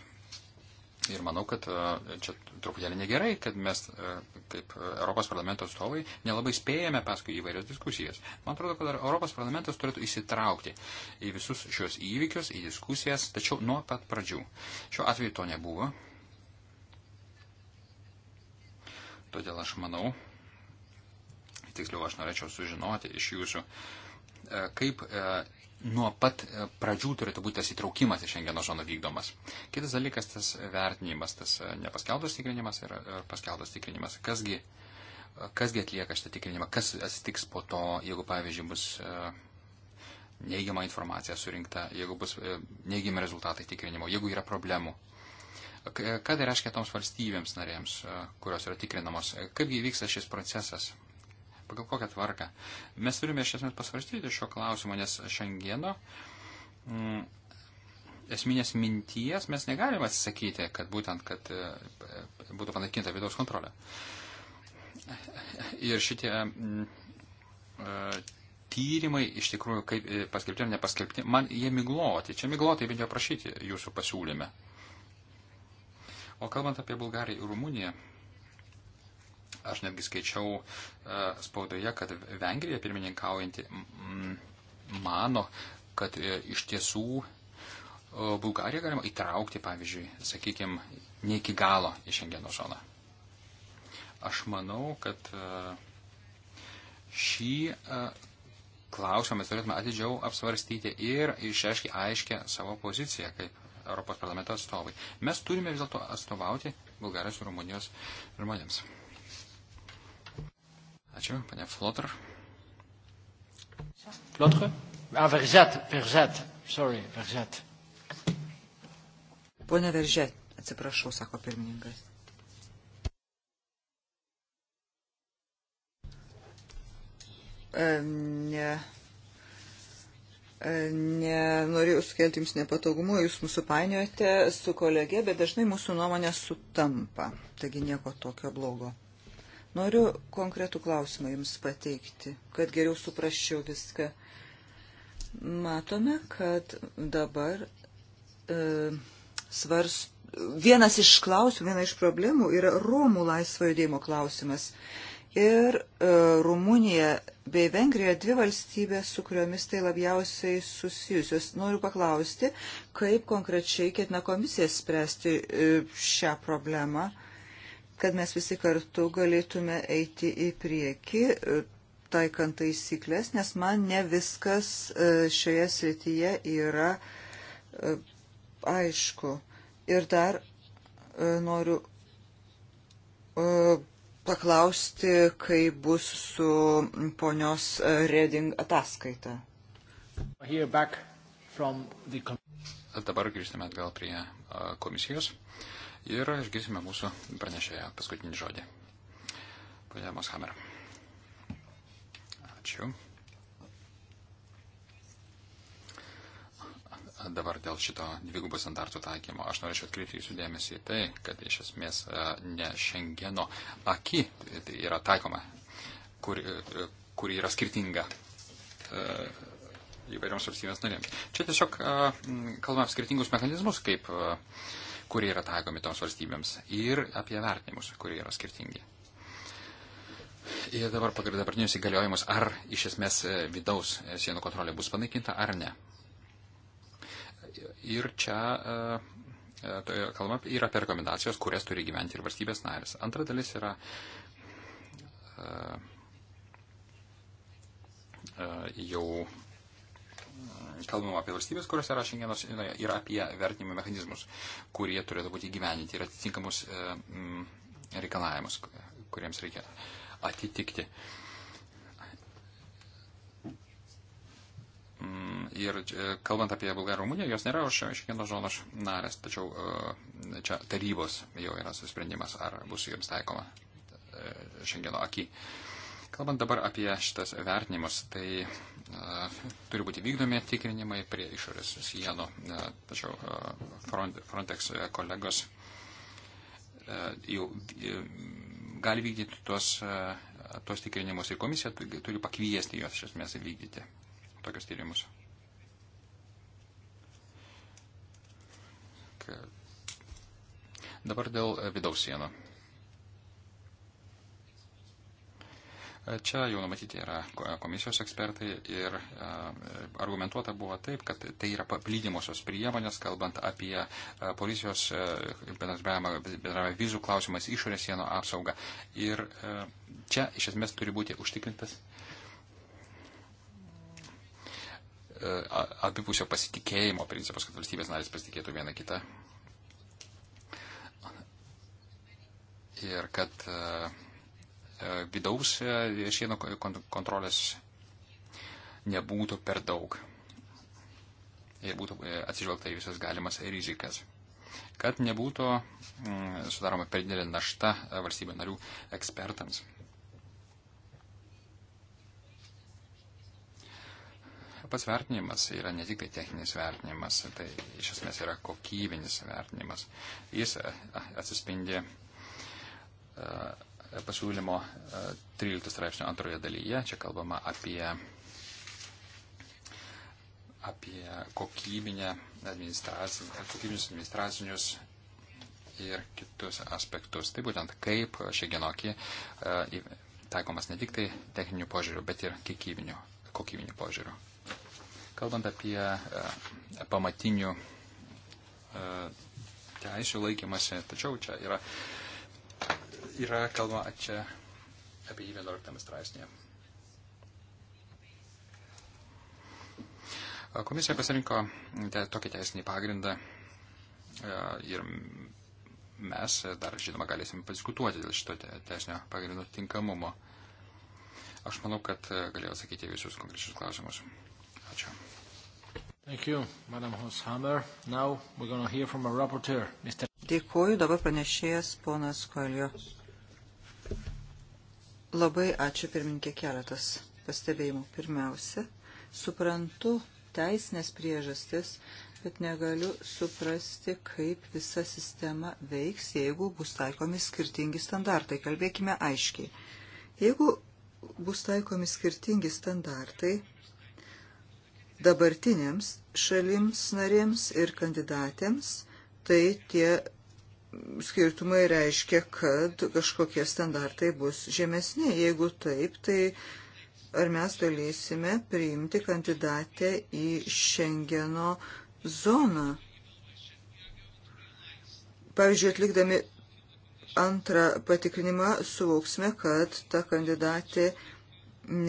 ir manau, kad e, čia truputėlį negerai, kad mes e, kaip Europos parlamento atstovai nelabai spėjame paskui įvairias diskusijas. Man atrodo, kad Europos parlamentas turėtų įsitraukti į visus šios įvykius, į diskusijas, tačiau nuo pat pradžių. Šiuo atveju to nebuvo. Todėl aš manau, tiksliau aš norėčiau sužinoti iš jūsų, kaip nuo pat e, pradžių turėtų būti tas įtraukimas į Šengeno zoną vykdomas. Kitas dalykas tas vertinimas, tas e, nepaskelbtas tikrinimas ir e, paskelbtas tikrinimas. Kasgi, kasgi atlieka šitą tikrinimą, kas atsitiks po to, jeigu, pavyzdžiui, bus neigiama informacija surinkta, jeigu bus neigiami rezultatai tikrinimo, jeigu yra problemų. Ką tai reiškia toms valstybėms narėms, kurios yra tikrinamos? Kaipgi vyksta šis procesas? pagal kokią tvarką. Mes turime iš esmės pasvarstyti šio klausimo, nes šiandieno mm, esminės minties mes negalime atsisakyti, kad būtent, kad e, būtų panaikinta vidaus kontrolė. Ir šitie mm, e, tyrimai, iš tikrųjų, kaip e, paskelbti ar nepaskelbti, man jie migloti. Čia migloti bent jau prašyti jūsų pasiūlyme. O kalbant apie Bulgariją ir Rumuniją, Aš netgi skaičiau e, spaudoje, kad Vengrija pirmininkaujanti mano, kad e, iš tiesų e, Bulgariją galima įtraukti, pavyzdžiui, sakykime, ne iki galo į Šengeno zoną. Aš manau, kad šį klausimą mes turėtume atidžiau apsvarstyti ir išreiškti aiškę savo poziciją kaip Europos parlamento atstovai. Mes turime vis dėlto atstovauti Bulgarijos ir Rumunijos žmonėms. Ačiū, panė Flotr. Flotr? A, ah, veržet, veržet. Sorry, veržet. Pone veržet, atsiprašau, sako pirmininkas. Ne. Nenorėjau sukelti jums nepatogumų, jūs mūsų painiojote su kolege, bet dažnai mūsų nuomonė sutampa. Taigi nieko tokio blogo. Noriu konkretų klausimą Jums pateikti, kad geriau suprasčiau viską. Matome, kad dabar e, svars, vienas iš klausimų, viena iš problemų yra Romų laisvo judėjimo klausimas. Ir e, Rumunija bei Vengrija dvi valstybės, su kuriomis tai labiausiai susijusios. Noriu paklausti, kaip konkrečiai ketina komisija spręsti e, šią problemą. E, kad mes visi kartu galėtume eiti į priekį, e, taikant taisyklės, nes man ne viskas e, šioje srityje yra e, aišku. Ir dar noriu paklausti, kaip bus su ponios Reding ataskaita. Dabar grįžtame atgal prie komisijos. Uh, ir išgirsime mūsų pranešėją paskutinį žodį. Pane Moshammer. Ačiū. dabar dėl šito dvigubų standartų taikymo. Aš norėčiau atkreipti jūsų dėmesį į tai, kad iš esmės ne Šengeno aki tai yra taikoma, kur, e, kur yra skirtinga e, įvairioms valstybės narėms. Čia tiesiog kalbame apie skirtingus mechanizmus, kaip uh, kurie yra taikomi toms valstybėms ir apie vertinimus, kurie yra skirtingi. Ir dabar pagal dabartinius įgaliojimus, ar iš esmės e, vidaus e, sienų kontrolė bus panaikinta ar ne. Ir čia e, kalbama ir apie rekomendacijos, kurias turi gyventi ir valstybės narės. Antra dalis yra jau kalbam apie valstybės, kurios yra šiandienos ir apie vertinimo mechanizmus, kurie turėtų būti gyveninti ir atitinkamus e, mm, reikalavimus, kuriems reikia atitikti. Mm, ir e, kalbant apie Bulgariją ir Rumuniją, jos nėra už Šengeno zonos narės, tačiau e, čia tarybos jau yra susprendimas, ar bus jiems taikoma Šengeno akį. Kalbant dabar apie šitas vertinimus, tai turi būti vykdomi tikrinimai prie išorės sienų. Tačiau Frontex e, kolegos e, jau e, gali vykdyti tuos, tuos tikrinimus ir komisija turi pakviesti juos iš esmės vykdyti tokius tyrimus. Dabar dėl vidaus sienų. Čia jau numatyti yra komisijos ekspertai ir e, argumentuota buvo taip, kad tai yra paplydimosios priemonės, kalbant apie e, policijos e, bendravimą vizų klausimas, išorės sienų apsaugą. Ir čia iš esmės turi būti užtikrintas abipusio pasitikėjimo principas, kad valstybės narės pasitikėtų viena kita. Ir kad uh, E, vidaus e, šieno kontrolės nebūtų per daug ir būtų e, atsižvelgta į visas galimas rizikas, kad nebūtų mm, sudaroma per didelė našta valstybė narių ekspertams. Pats vertinimas yra ne tik tai techninis vertinimas, tai iš esmės yra kokybinis vertinimas. Jis atsispindi uh, pasiūlymo 13 e, straipsnio antroje dalyje. Čia kalbama apie, apie kokybinę administracin, kokybinius administracinius ir kitus aspektus. Tai būtent kaip šiandienokį e, taikomas ne tik tai techninių požiūrių, bet ir kiekybinių, kokybinių požiūrių. Kalbant apie e, pamatinių teisų laikymasi, tačiau čia yra yra kalba čia apie jį 11 straipsnėje. Komisija pasirinko te, tokį teisinį pagrindą e, ir mes dar, žinoma, galėsime padiskutuoti dėl šito teisinio pagrindo tinkamumo. Aš manau, kad e, galėjau atsakyti visus konkrečius klausimus. Ačiū. Thank you, Madam Hoshammer. Now we're going to hear from our rapporteur, Mr. Dėkuoju, dabar pranešėjas ponas Kolio. Labai ačiū pirminkė keletas pastebėjimų. Pirmiausia, suprantu teisinės priežastis, bet negaliu suprasti, kaip visa sistema veiks, jeigu bus taikomi skirtingi standartai. Kalbėkime aiškiai. Jeigu bus taikomi skirtingi standartai dabartinėms šalims narėms ir kandidatėms, tai tie skirtumai reiškia, kad kažkokie standartai bus žemesni. Jeigu taip, tai ar mes galėsime priimti kandidatę į Šengeno zoną? Pavyzdžiui, atlikdami antrą patikrinimą suvoksime, kad ta kandidatė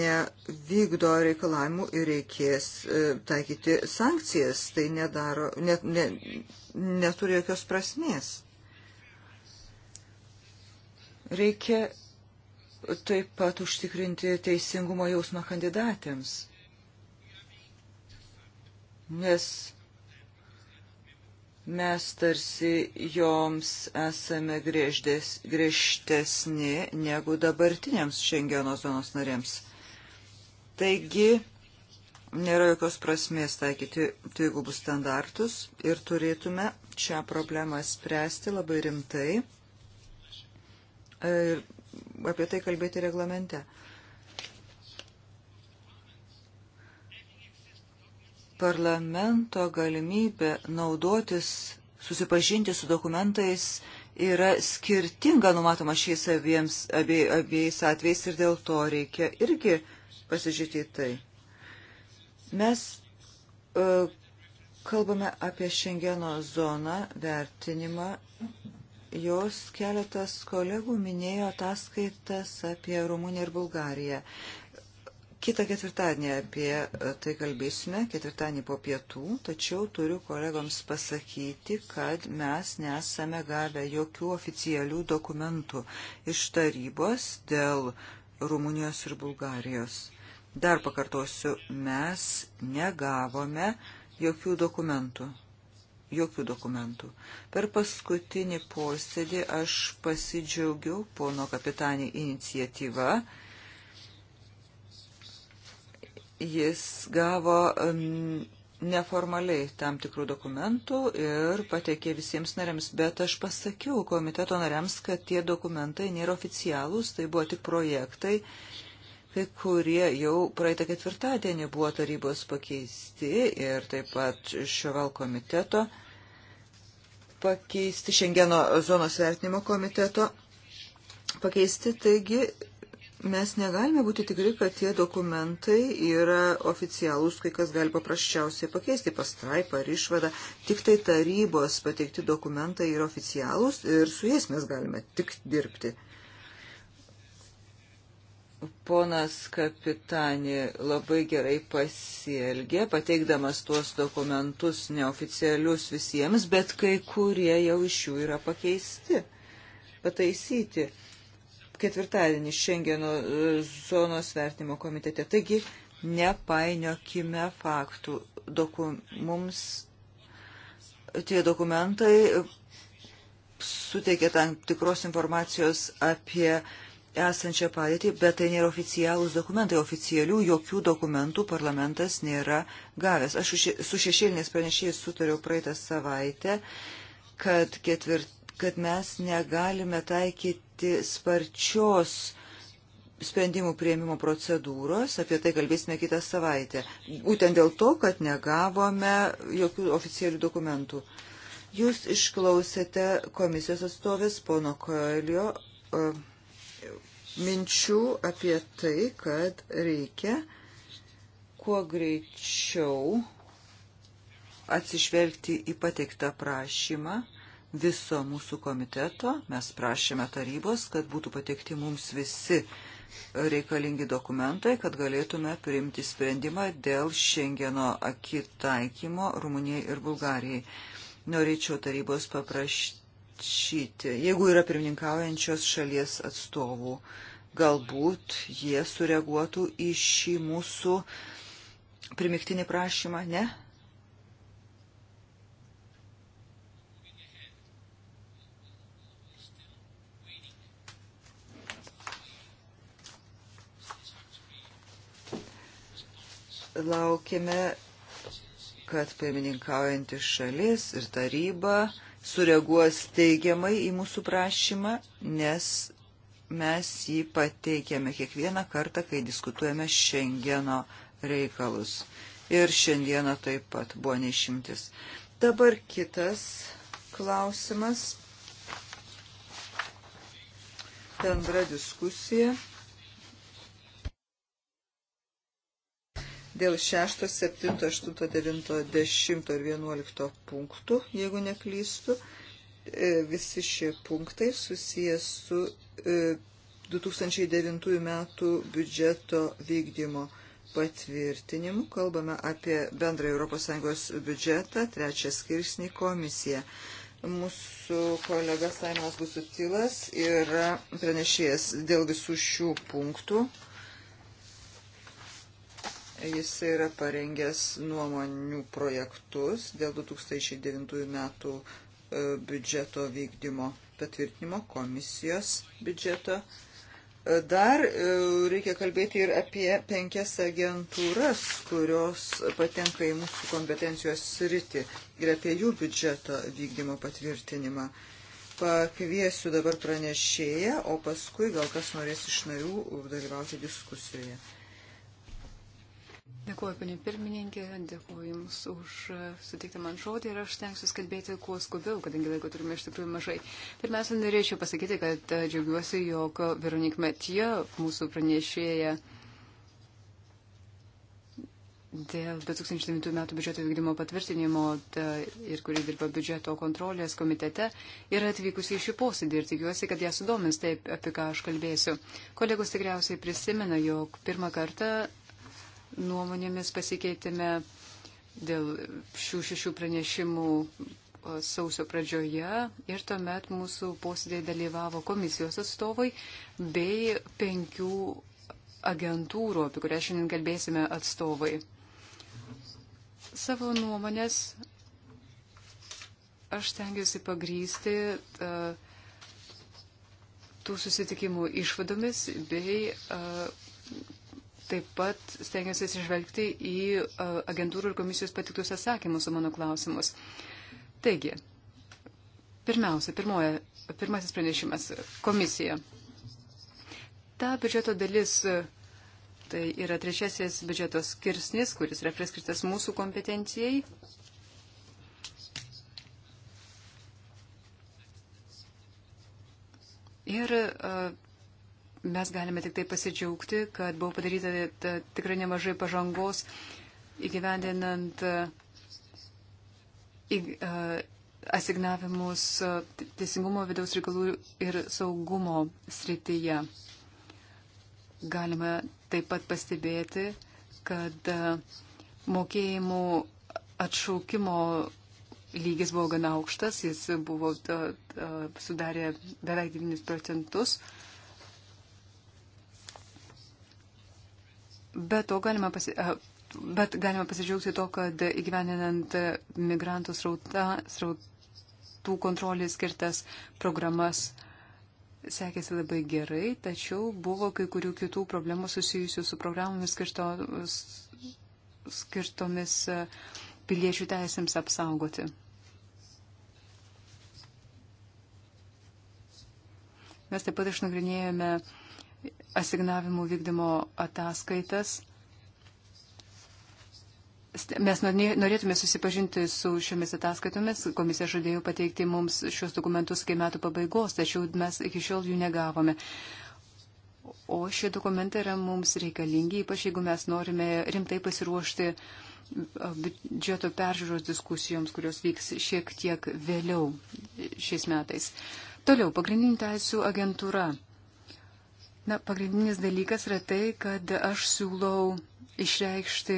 nevykdo reikalavimų ir reikės e, taikyti sankcijas. Tai nedaro, net, ne, neturi jokios prasmės. Reikia taip pat užtikrinti teisingumo jausmą kandidatėms. Nes mes tarsi joms esame griežtes, griežtesni negu dabartiniams Šengeno zonos narėms. Taigi nėra jokios prasmės taikyti dvigubus standartus ir turėtume šią problemą spręsti labai rimtai ir apie tai kalbėti reglamente. Parlamento galimybė naudotis, susipažinti su dokumentais yra skirtinga numatoma šiais abiems, abie, abiejais atvejais ir dėl to reikia irgi pasižiūrėti į tai. Mes uh, kalbame apie Šengeno zoną, vertinimą jos keletas kolegų minėjo ataskaitas apie Rumuniją ir Bulgariją. Kita ketvirtadienį apie tai kalbėsime, ketvirtadienį po pietų, tačiau turiu kolegoms pasakyti, kad mes nesame gavę jokių oficialių dokumentų iš tarybos dėl Rumunijos ir Bulgarijos. Dar pakartosiu, mes negavome jokių dokumentų jokių dokumentų. Per paskutinį posėdį aš pasidžiaugiau pono kapitanį iniciatyvą. Jis gavo neformaliai tam tikrų dokumentų ir pateikė visiems nariams, bet aš pasakiau komiteto nariams, kad tie dokumentai nėra oficialūs, tai buvo tik projektai kai kurie jau praeitą ketvirtadienį buvo tarybos pakeisti ir taip pat šio val komiteto pakeisti, Šengeno zonos vertinimo komiteto pakeisti. Taigi mes negalime būti tikri, kad tie dokumentai yra oficialūs, kai kas gali paprasčiausiai pakeisti pastraipą ar išvadą. Tik tai tarybos pateikti dokumentai yra oficialūs ir su jais mes galime tik dirbti. Ponas kapitani labai gerai pasielgė, pateikdamas tuos dokumentus neoficialius visiems, bet kai kurie jau iš jų yra pakeisti, pataisyti. Ketvirtadienį Šengeno e, zonos vertimo komitete. Taigi, nepainiokime faktų. Doku, mums tie dokumentai suteikia tam tikros informacijos apie uh, esančią padėtį, bet tai nėra oficialūs dokumentai. Oficialių jokių dokumentų parlamentas nėra gavęs. Aš su šešėlinės pranešėjais sutariau praeitą savaitę, kad, ketvirt, kad mes negalime taikyti sparčios sprendimų prieimimo procedūros, apie tai kalbėsime kitą savaitę. Būtent dėl to, kad negavome jokių oficialių dokumentų. Jūs išklausėte komisijos atstovės pono Koelio. Uh, minčių apie tai, kad reikia kuo greičiau atsižvelgti į pateiktą prašymą viso mūsų komiteto. Mes prašėme tarybos, kad būtų pateikti mums visi reikalingi dokumentai, kad galėtume priimti sprendimą dėl Šengeno akitaikymo Rumunijai ir Bulgarijai. Norėčiau tarybos paprašyti prašyti, jeigu yra pirmininkaujančios šalies atstovų, galbūt jie sureaguotų į šį mūsų primiktinį prašymą, ne? Laukime, kad pirmininkaujantis šalis ir taryba sureaguos teigiamai į mūsų prašymą, nes mes jį pateikėme kiekvieną kartą, kai diskutuojame Šengeno reikalus. Ir šiandieną taip pat buvo neišimtis. Dabar kitas klausimas. Bendra diskusija. dėl 6, 7, 8, 9, 10 ir 11 punktų, jeigu neklystu. E, visi šie punktai susijęs su 2009 e, metų biudžeto vykdymo patvirtinimu. Kalbame apie bendrą ES biudžetą, trečią skirsnį komisiją. Mūsų kolega Saimas Gusutilas yra pranešėjęs dėl visų šių punktų. Jis yra parengęs nuomonių projektus dėl 2009 metų e, biudžeto vykdymo patvirtinimo komisijos biudžeto. E, dar e, reikia kalbėti ir apie penkias agentūras, kurios patenka į mūsų kompetencijos sritį ir apie jų biudžeto vykdymo patvirtinimą. Pakviesiu dabar pranešėją, o paskui gal kas norės iš narių dalyvauti diskusijoje. Dėkuoju, panė pirmininkė, dėkuoju Jums už e, sutiktą man žodį ir aš stengsiuosi kalbėti kuo skubiau, kadangi laiko turime iš tikrųjų mažai. Pirmiausia, norėčiau pasakyti, kad e, džiaugiuosi, jog Veronik Metie, mūsų pranešėja dėl 2009 metų biudžeto vykdymo patvirtinimo da, ir kuri dirba biudžeto kontrolės komitete, yra atvykusi į šį posėdį ir tikiuosi, kad ją sudomins taip, apie ką aš kalbėsiu. Kolegos tikriausiai prisimena, jog pirmą kartą nuomonėmis pasikeitėme dėl šių šešių pranešimų sausio pradžioje ir tuomet mūsų posėdėje dalyvavo komisijos atstovai bei penkių agentūrų, apie kurią šiandien kalbėsime, atstovai. Savo nuomonės aš tengiuosi pagrysti e, tų susitikimų išvadomis bei e, taip pat stengiuosi išvelgti į e, agentūrų ir komisijos patiktus atsakymus į mano klausimus. Taigi, pirmiausia, pirmoja, pirmasis pranešimas - komisija. Ta biudžeto dalis e, tai yra trečiasis biudžeto skirsnis, kuris yra priskirtas mūsų kompetencijai. Ir uh, mes galime tik tai pasidžiaugti, kad buvo padaryta tikrai nemažai pažangos įgyvendinant asignavimus teisingumo vidaus reikalų ir saugumo srityje. Galime taip pat pastebėti, kad mokėjimų atšaukimo lygis buvo gana aukštas, jis buvo sudarė beveik 9 procentus. Bet to galima pasi... Bet galima pasidžiaugti to, kad įgyveninant migrantų srauta, srautų kontrolės skirtas programas sekėsi labai gerai, tačiau buvo kai kurių kitų problemų susijusių su programomis skirto, skirtomis e, piliečių teisėms apsaugoti. Mes taip pat išnagrinėjome uh, asignavimų vykdymo ataskaitas. Mes norėtume susipažinti su šiomis ataskaitomis. Komisija žadėjo pateikti mums šios dokumentus iki metų pabaigos, tačiau mes iki šiol jų negavome. O šie dokumentai yra mums reikalingi, ypač jeigu mes norime rimtai pasiruošti biudžeto peržiūros diskusijoms, kurios vyks šiek tiek vėliau šiais metais. Toliau, pagrindinių teisų agentūra. Na, pagrindinis dalykas yra tai, kad aš siūlau išreikšti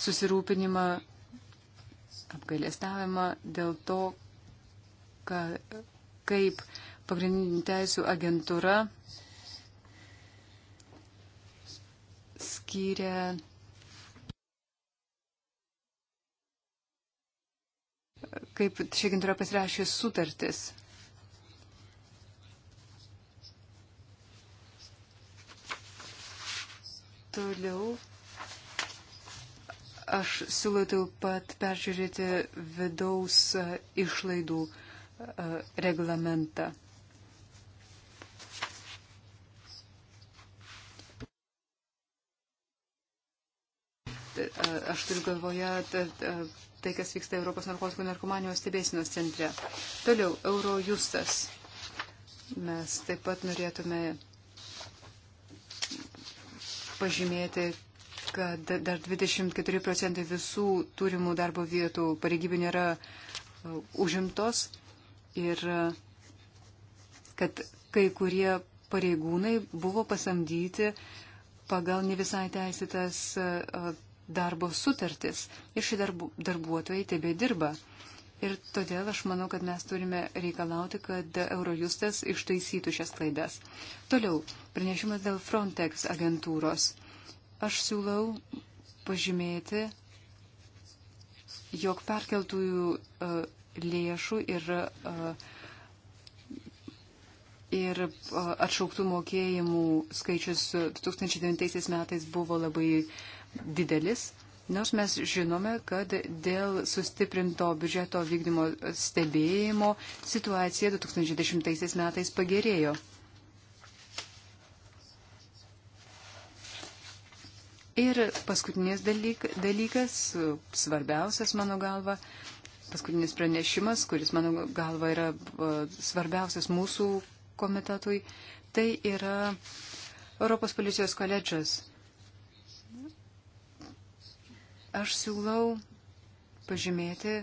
susirūpinimą, apgailestavimą dėl to, ka, kaip pagrindinė teisų agentūra skyrė kaip ši agentūra pasirašė sutartis Toliau aš siūlau taip pat peržiūrėti vidaus e, išlaidų e, reglamentą. E, aš turiu galvoje tai, kas vyksta Europos narkotikų narkomanijos stebėsinos centre. Toliau, Eurojustas. Mes taip pat norėtume pažymėti, kad dar 24 procentai visų turimų darbo vietų pareigybių nėra e, užimtos ir e, kad kai kurie pareigūnai buvo pasamdyti pagal ne visai teisėtas e, darbo sutartis ir šie darbu, darbuotojai tebe dirba. Ir todėl aš manau, kad mes turime reikalauti, kad Eurojustas ištaisytų šias klaidas. Toliau, pranešimas dėl Frontex agentūros. Aš siūlau pažymėti, jog perkeltųjų uh, lėšų ir, uh, ir uh, atšauktų mokėjimų skaičius 2009 metais buvo labai didelis. Nors mes žinome, kad dėl sustiprinto biudžeto vykdymo stebėjimo situacija 2010 metais pagerėjo. Ir paskutinis dalyk, dalykas, svarbiausias mano galva, paskutinis pranešimas, kuris mano galva yra e, svarbiausias mūsų komitetui, tai yra Europos policijos koledžas Aš siūlau pažymėti,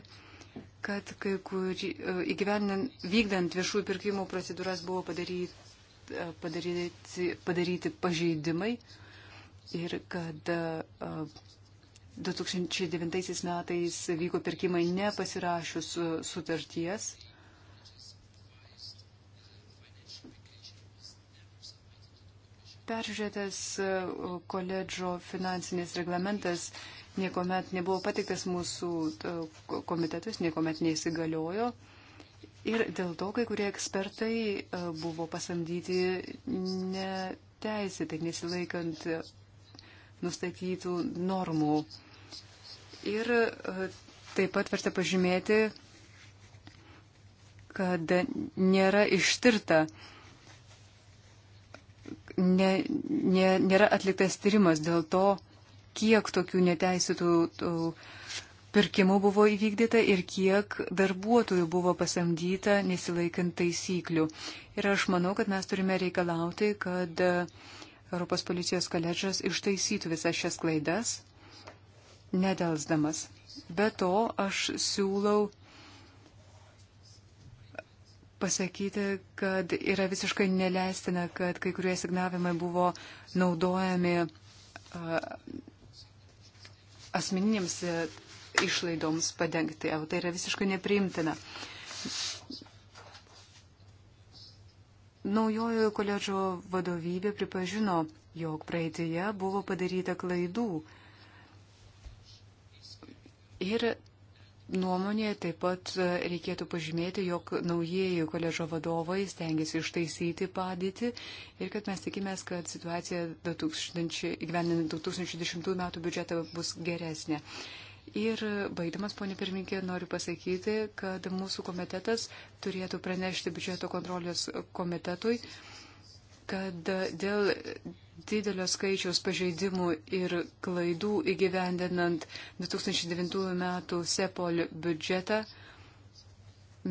kad kai kur e, vykdant viešųjų pirkimų procedūras buvo padaryti, e, padaryti, padaryti pažeidimai ir kad 2009 e, metais vyko pirkimai nepasirašius sutarties. Peržiūrėtas koledžo finansinis reglamentas niekuomet nebuvo patiktas mūsų e, komitetus, niekuomet neįsigaliojo. Ir dėl to kai kurie ekspertai e, buvo pasamdyti neteisėtai, nesilaikant e, nustatytų normų. Ir taip pat verta pažymėti, kad nėra ištirta, ne, nė, ne, nėra atliktas tyrimas dėl to, kiek tokių neteisėtų pirkimų buvo įvykdyta ir kiek darbuotojų buvo pasamdyta nesilaikant taisyklių. Ir aš manau, kad mes turime reikalauti, kad Europos policijos koledžas ištaisytų visas šias klaidas, nedelsdamas. Be to, aš siūlau pasakyti, kad yra visiškai neleistina, kad kai kurie signavimai buvo naudojami asmeninėms e, išlaidoms padengti, o tai yra visiškai nepriimtina. Naujojo koledžo vadovybė pripažino, jog praeitėje buvo padaryta klaidų ir nuomonė taip pat e, reikėtų pažymėti, jog naujieji koledžo vadovai stengiasi ištaisyti padėtį ir kad mes tikimės, kad situacija 2000, įgyveninant 2010 m. biudžetą bus geresnė. Ir baigdamas, ponė pirminkė, noriu pasakyti, kad mūsų komitetas turėtų pranešti biudžeto kontrolės komitetui, kad dėl didelio skaičiaus pažeidimų ir klaidų įgyvendinant 2009 metų SEPOL biudžetą,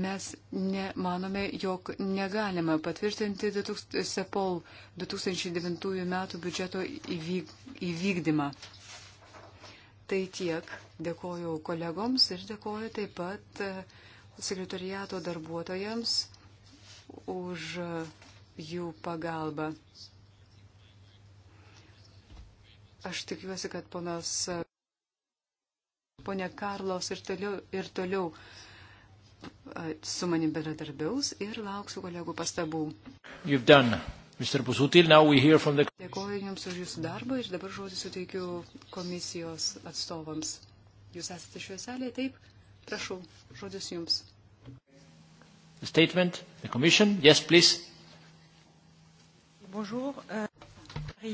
mes nemanome, jog negalima patvirtinti SEPOL 2009 metų biudžeto įvyk, įvykdymą. Tai tiek. Dėkoju kolegoms ir dėkoju taip pat e, sekretariato darbuotojams už jų pagalbą. Aš tikiuosi, kad ponas, ponė Karlos ir toliau, ir toliau su manim bendradarbiaus ir lauksiu kolegų pastabų. Busutil, the... Dėkuoju Jums už Jūsų darbą ir dabar žodį suteikiu komisijos atstovams. Jūs esate šioje salėje, taip? Prašau, žodis Jums. The statement, the commission, yes, please. Bonjour. Uh... E,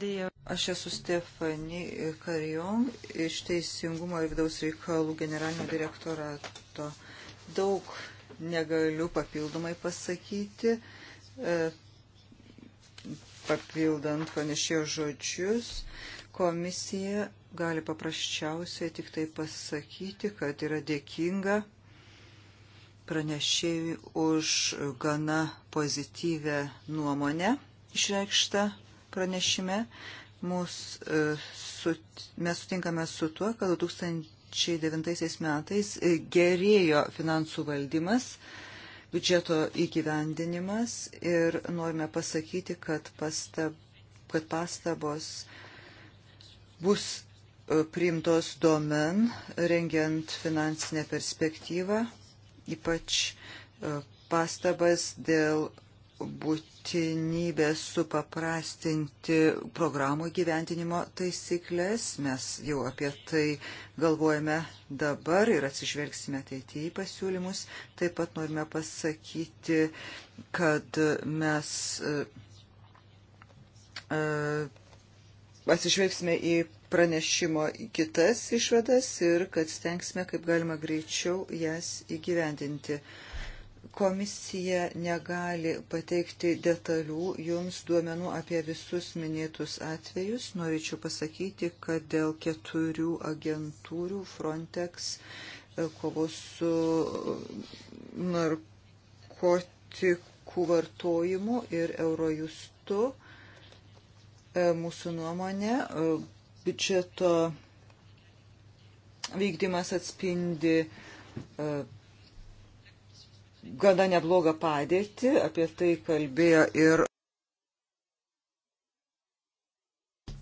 e, Aš esu Stefani Karion iš Teisingumo ir vidaus reikalų generalinio direktorato. Daug negaliu papildomai pasakyti, e, papildant pranešėjo žodžius. Komisija gali paprasčiausiai tik tai pasakyti, kad yra dėkinga pranešėjui už gana pozityvę nuomonę išreikštą pranešime. Mūs, e, su, mes sutinkame su tuo, kad 2009 metais gerėjo finansų valdymas, biudžeto įgyvendinimas ir norime pasakyti, kad, pastab, kad pastabos bus e, priimtos domen, rengiant finansinę perspektyvą, ypač e, pastabas dėl būtinybės supaprastinti programų gyventinimo taisyklės. Mes jau apie tai galvojame dabar ir atsižvelgsime ateityje į pasiūlymus. Taip pat norime pasakyti, kad mes e, e, atsižvelgsime į pranešimo kitas išvadas ir kad stengsime kaip galima greičiau jas įgyvendinti. Uh, Komisija negali pateikti detalių jums duomenų apie visus minėtus atvejus. Norėčiau pasakyti, kad dėl keturių agentūrių Frontex e, kovos su narkotikų vartojimu ir Eurojustu e, mūsų nuomonė e, biudžeto vykdymas atspindi gana neblogą padėtį, apie tai kalbėjo ir e,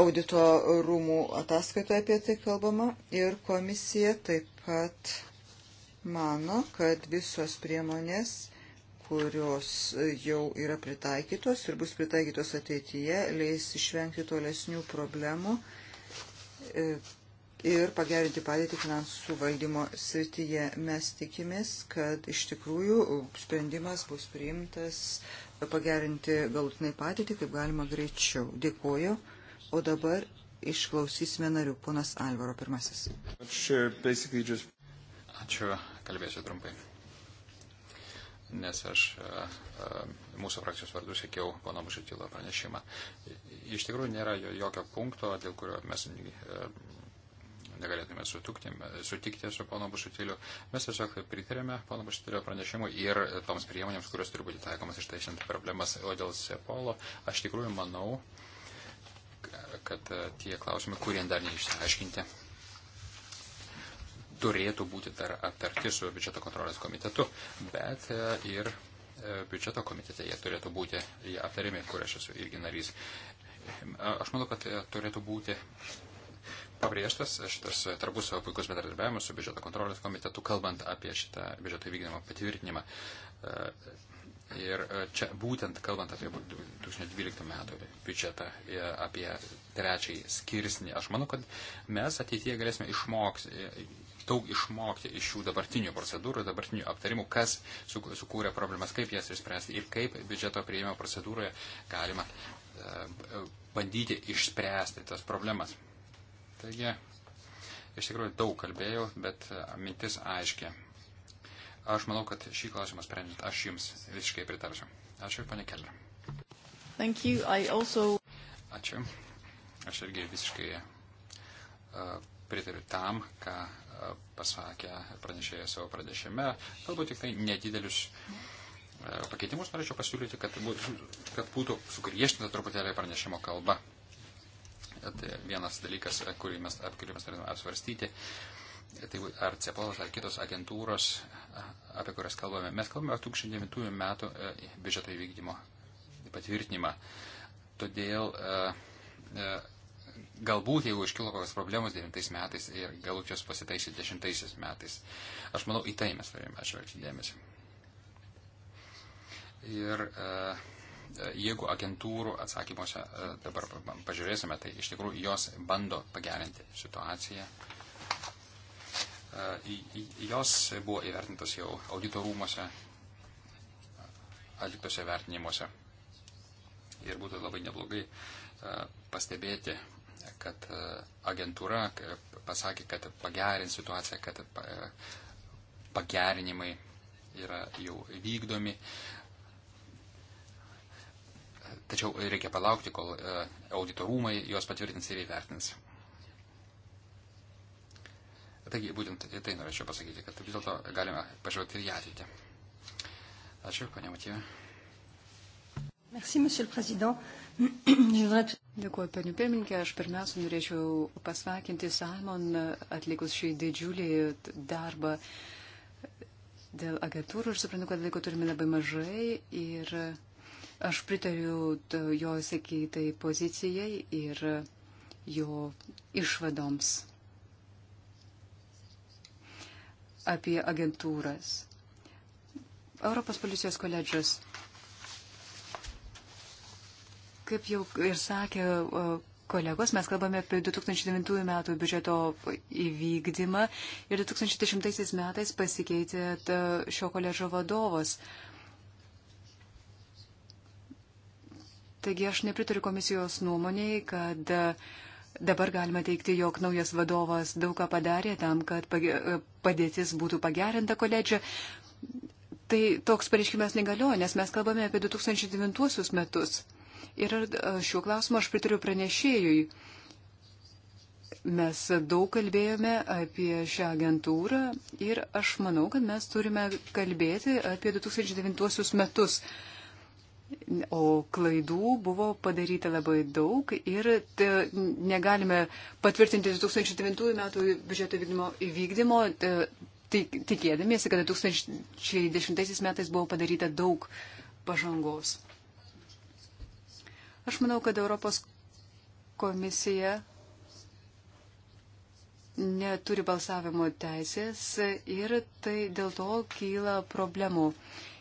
audito rūmų ataskaitoje apie tai kalbama ir komisija taip pat mano, kad visos priemonės, kurios jau yra pritaikytos ir bus pritaikytos ateityje, leis išvengti tolesnių problemų e, ir pagerinti padėtį finansų valdymo srityje. Mes tikimės, kad iš tikrųjų sprendimas bus priimtas pagerinti galutinai padėtį kaip galima greičiau. Dėkuoju. O dabar išklausysime narių. Ponas Alvaro pirmasis. Ačiū, kalbėsiu trumpai. Nes aš a, a, mūsų frakcijos vardu sėkiau pono Bušitilo pranešimą. Iš tikrųjų nėra jokio punkto, dėl kurio mes a, negalėtume sutikti, sutikti su pono Bušutiliu. Mes tiesiog pritarėme pono Bušutilio pranešimu ir toms priemonėms, kurios turi būti taikomas ištaisint problemas. O dėl Sepolo aš tikrųjų manau, kad tie klausimai, kurie dar neišsiaiškinti, turėtų būti dar aptarti su biudžeto kontrolės komitetu, bet ir biudžeto komitete jie turėtų būti jie aptarimi, kur aš esu irgi narys. Aš manau, kad turėtų būti pabrėžtas šitas tarpusavio puikus bendradarbiavimas su biudžeto kontrolės komitetu, kalbant apie šitą biudžeto įvykdymo patvirtinimą. E, ir e, čia būtent kalbant apie 2012 metų biudžetą, e, apie trečiąjį skirsnį, aš manau, kad mes ateityje galėsime išmoks, daug išmokti iš šių dabartinių procedūrų, dabartinių aptarimų, kas sukūrė problemas, kaip jas išspręsti ir kaip biudžeto prieimimo procedūroje galima bandyti išspręsti tas problemas. Taigi, iš tikrųjų daug kalbėjau, bet mintis aiškia. Aš manau, kad šį klausimą sprendžiant, aš jums visiškai pritarsiu. Ačiū, ponė Keller. Also... Ačiū. Aš irgi visiškai uh, pritariu tam, ką uh, pasakė pranešėjas savo pranešime. Galbūt tik tai nedidelius uh, pakeitimus norėčiau pasiūlyti, kad, kad būtų sugriežtinta truputėlį pranešimo kalba tai vienas dalykas, kurį mes, kurį mes turime apsvarstyti, tai ar CEPOLAS, ar kitos agentūros, apie kurias kalbame. Mes kalbame 2009 metų e, biudžeto įvykdymo patvirtinimą. Todėl e, e, galbūt, jeigu iškilo kokios problemos 9 metais ir galbūt jos pasitaisė 10 metais. Aš manau, į tai mes turime ašvelgti dėmesį. Ir uh, jeigu agentūrų atsakymuose e, dabar pažiūrėsime, tai iš tikrųjų jos bando pagerinti situaciją. E, jos buvo įvertintas jau audito rūmose, atliktose vertinimuose. Ir būtų labai neblogai e, pastebėti, kad agentūra pasakė, kad pagerins situaciją, kad pagerinimai yra jau vykdomi, Tačiau reikia palaukti, kol e, auditorumai juos patvirtins ir įvertins. Taigi, būtent tai norėčiau pasakyti, kad vis dėlto galime pažvelgti ir į ateitį. Ačiū, ponia Matyva. Merci, monsieur le président. Dėkuoju, peniu pirmininkė. Aš pirmiausia norėčiau pasveikinti Simon atlikus šį didžiulį darbą dėl agentūrų. Aš suprantu, kad laiko turime labai mažai ir Aš pritariu jo sakytai pozicijai ir jo išvadoms apie agentūras. Europos policijos koledžas. Kaip jau ir sakė kolegos, mes kalbame apie 2009 metų biudžeto įvykdymą ir 2010 metais pasikeitė šio koledžo vadovas. Uh, Taigi aš nepritariu komisijos nuomonėje, kad e, dabar galima teikti, jog naujas vadovas daug ką padarė tam, kad e, padėtis būtų pagerinta koledžia. Tai toks pareiškimas negalioja, nes mes kalbame apie 2009 metus. Ir e, šiuo klausimu aš pritariu pranešėjui. Mes daug kalbėjome apie šią agentūrą ir aš manau, kad mes turime kalbėti apie 2009 metus O klaidų buvo padaryta labai daug ir tė, negalime patvirtinti 2009 metų biudžeto vykdymo, įvykdymo, tikėdamiesi, kad 2010 metais buvo padaryta daug pažangos. Aš manau, kad Europos komisija neturi balsavimo teisės ir tai dėl to kyla problemų.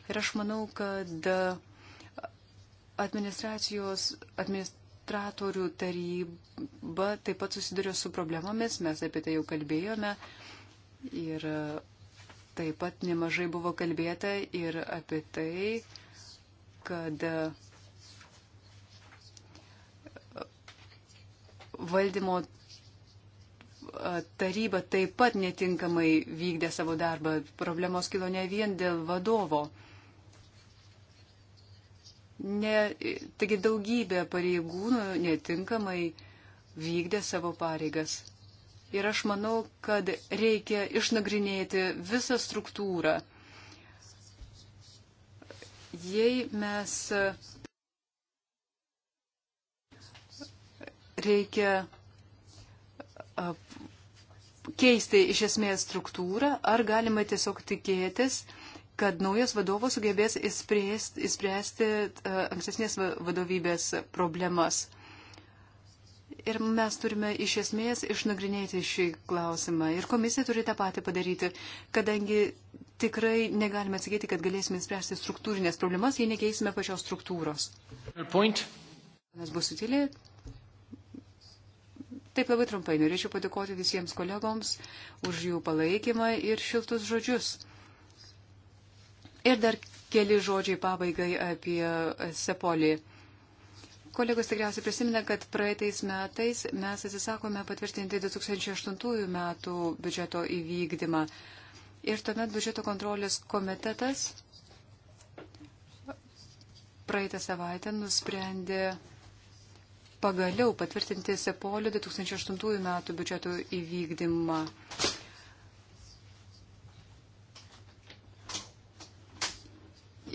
Ir aš manau, kad administracijos administratorių taryba taip pat susiduria su problemomis, mes apie tai jau kalbėjome ir e, taip pat nemažai buvo kalbėta ir apie tai, kad e, valdymo e, taryba taip pat netinkamai vykdė savo darbą. Problemos kilo ne vien dėl vadovo. Ne, taigi daugybė pareigūnų netinkamai vykdė savo pareigas. Ir aš manau, kad reikia išnagrinėti visą struktūrą. Jei mes reikia keisti iš esmės struktūrą, ar galima tiesiog tikėtis, kad naujas vadovas sugebės įspręsti, įspręsti e, ankstesnės vadovybės problemas. Ir mes turime iš esmės išnagrinėti šį klausimą. Ir komisija turi tą patį padaryti, kadangi tikrai negalime sakyti, kad galėsime spręsti struktūrinės problemas, jei nekeisime pačios struktūros. Mes bus sutilė. Taip labai trumpai norėčiau padėkoti visiems kolegoms už jų palaikymą ir šiltus žodžius. Ir dar keli žodžiai pabaigai apie Sepolį. Kolegos tikriausiai prisimena, kad praeitais metais mes atsisakome patvirtinti 2008 metų biudžeto įvykdymą. Ir tuomet biudžeto kontrolės komitetas praeitą savaitę nusprendė pagaliau patvirtinti Sepolio 2008 metų biudžeto įvykdymą.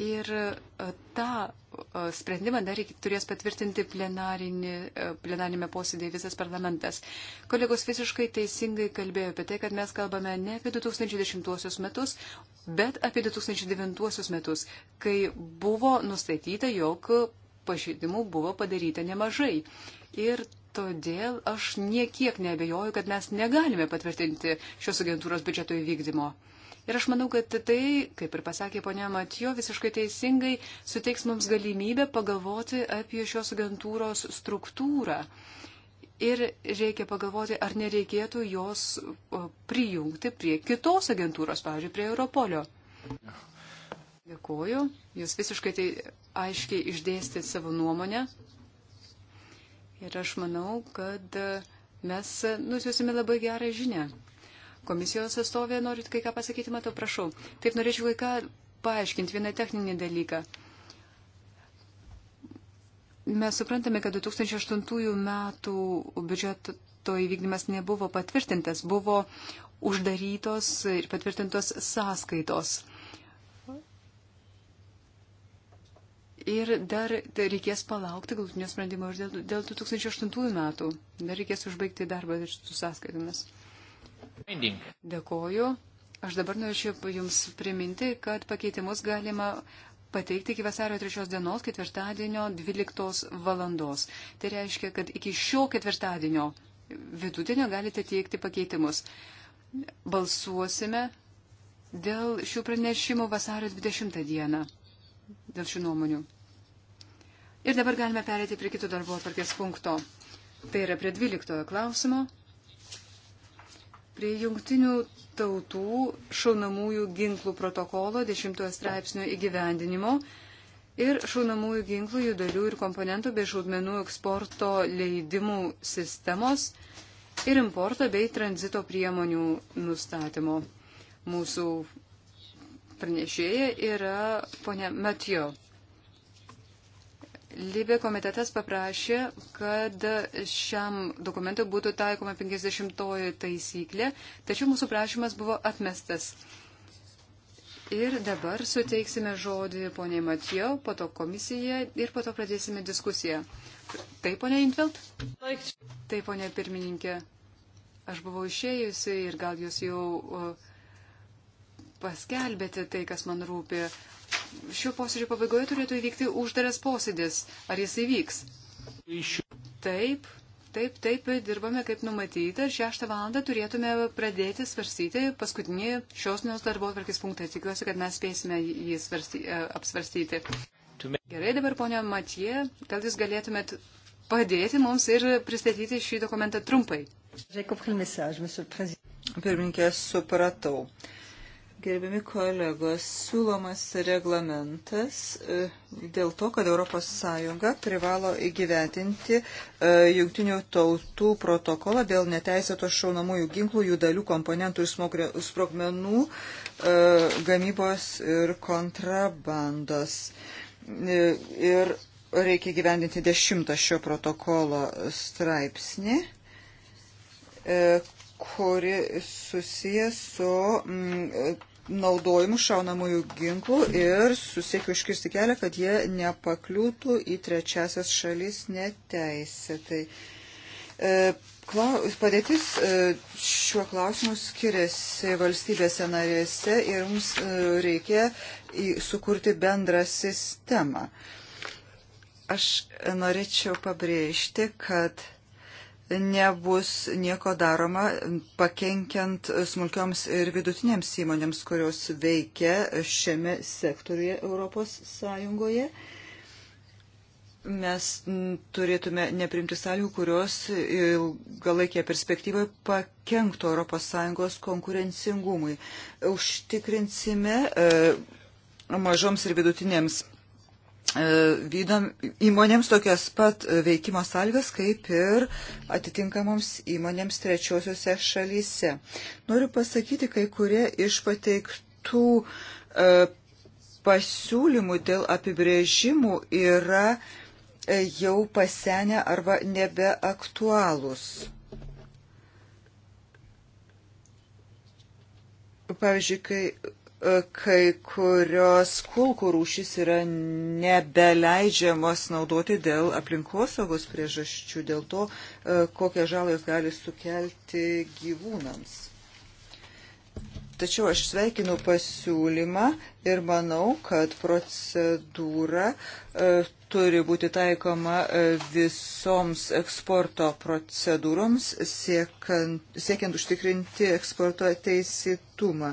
Ir e, tą e, sprendimą dar turės patvirtinti plenarinėme e, posėdėje visas parlamentas. Kolegos visiškai teisingai kalbėjo apie tai, kad mes kalbame ne apie 2010 metus, bet apie 2009 metus, kai buvo nustatyta, jog pažeidimų buvo padaryta nemažai. Ir todėl aš niekiek nebejoju, kad mes negalime patvirtinti šios agentūros biudžeto įvykdymo. Ir aš manau, kad tai, kaip ir pasakė ponia Matijo, visiškai teisingai suteiks mums galimybę pagalvoti apie šios agentūros struktūrą. Ir reikia pagalvoti, ar nereikėtų jos prijungti prie kitos agentūros, pavyzdžiui, prie Europolio. Dėkuoju, jūs visiškai tai aiškiai išdėstėt savo nuomonę. Ir aš manau, kad mes nusiusime labai gerą žinią komisijos atstovė, norit kai ką pasakyti, matau, prašau. Taip norėčiau kai ką paaiškinti, vieną techninį dalyką. Mes suprantame, kad 2008 metų biudžeto įvykdymas nebuvo patvirtintas, buvo uždarytos ir patvirtintos sąskaitos. Ir dar reikės palaukti galutinio sprendimo ir dėl, dėl 2008 metų. Dar reikės užbaigti darbą su sąskaitomis. Dėkoju. Aš dabar norėčiau Jums priminti, kad pakeitimus galima pateikti iki vasario 3 dienos, ketvirtadienio 12 valandos. Tai reiškia, kad iki šio ketvirtadienio vidudienio galite teikti pakeitimus. Balsuosime dėl šių pranešimų vasario 20 dieną, dėl šių nuomonių. Ir dabar galime perėti prie kito darbo atvarkės punkto. Tai yra prie 12 klausimo prie jungtinių tautų šaunamųjų ginklų protokolo 10 straipsnio įgyvendinimo ir šaunamųjų ginklų jų dalių ir komponentų bei šaudmenų eksporto leidimų sistemos ir importo bei tranzito priemonių nustatymo. Mūsų pranešėja yra ponia Matijo. Libė komitetas paprašė, kad šiam dokumentui būtų taikoma 50-oji taisyklė, tačiau mūsų prašymas buvo atmestas. Ir dabar suteiksime žodį poniai Matijo, po to komisija ir po to pradėsime diskusiją. Taip, ponia Intvelt? Taip, ponia pirmininkė. Aš buvau išėjusi ir gal jūs jau uh, paskelbėte tai, kas man rūpė šio posėdžio pabaigoje turėtų įvykti uždaras posėdis. Ar jis įvyks? Taip, taip, taip, dirbame kaip numatyta. Šeštą valandą turėtume pradėti svarstyti paskutinį šios dienos darbo atvarkės punktą. Tikiuosi, kad mes spėsime jį svarsty, e, apsvarstyti. Gerai, dabar ponia Matie, gal jūs galėtumėt padėti mums ir pristatyti šį dokumentą trumpai. Pirminkė, supratau. Gerbiami kolegos, siūlomas reglamentas e, dėl to, kad ES privalo įgyvetinti e, jungtinių tautų protokolą dėl neteisėto šaunamųjų ginklų, jų dalių, komponentų ir sprogmenų e, gamybos ir kontrabandos. Ir reikia gyvendinti dešimtą šio protokolo straipsnį kuri susijęs su mm, naudojimu šaunamųjų ginklų ir susiekiu iškirsti kelią, kad jie nepakliūtų į trečiasias šalis neteisėtai. E, klau, padėtis e, šiuo klausimu skiriasi valstybėse narėse ir mums e, reikia į, sukurti bendrą sistemą. Aš norėčiau pabrėžti, kad nebus nieko daroma pakenkiant smulkioms ir vidutinėms įmonėms, kurios veikia šiame sektoriuje Europos Sąjungoje. Mes turėtume neprimti sąlygų, kurios ilgalaikėje perspektyvoje pakenktų ES konkurencingumui. Užtikrinsime e, mažoms ir vidutinėms E, vydom įmonėms tokias pat veikimo sąlygas, kaip ir atitinkamoms įmonėms trečiosiuose šalyse. Noriu pasakyti, kai kurie iš pateiktų e, pasiūlymų dėl apibrėžimų yra e, jau pasenę arba nebeaktualūs. Pavyzdžiui, kai kai kurios kulkų rūšys yra nebeleidžiamos naudoti dėl aplinkosaugos priežasčių, dėl to, e, kokią žalą jos gali sukelti gyvūnams. Tačiau aš sveikinu pasiūlymą ir manau, kad procedūra e, turi būti taikoma e, visoms eksporto procedūroms, siekant, siekiant užtikrinti eksporto teisėtumą.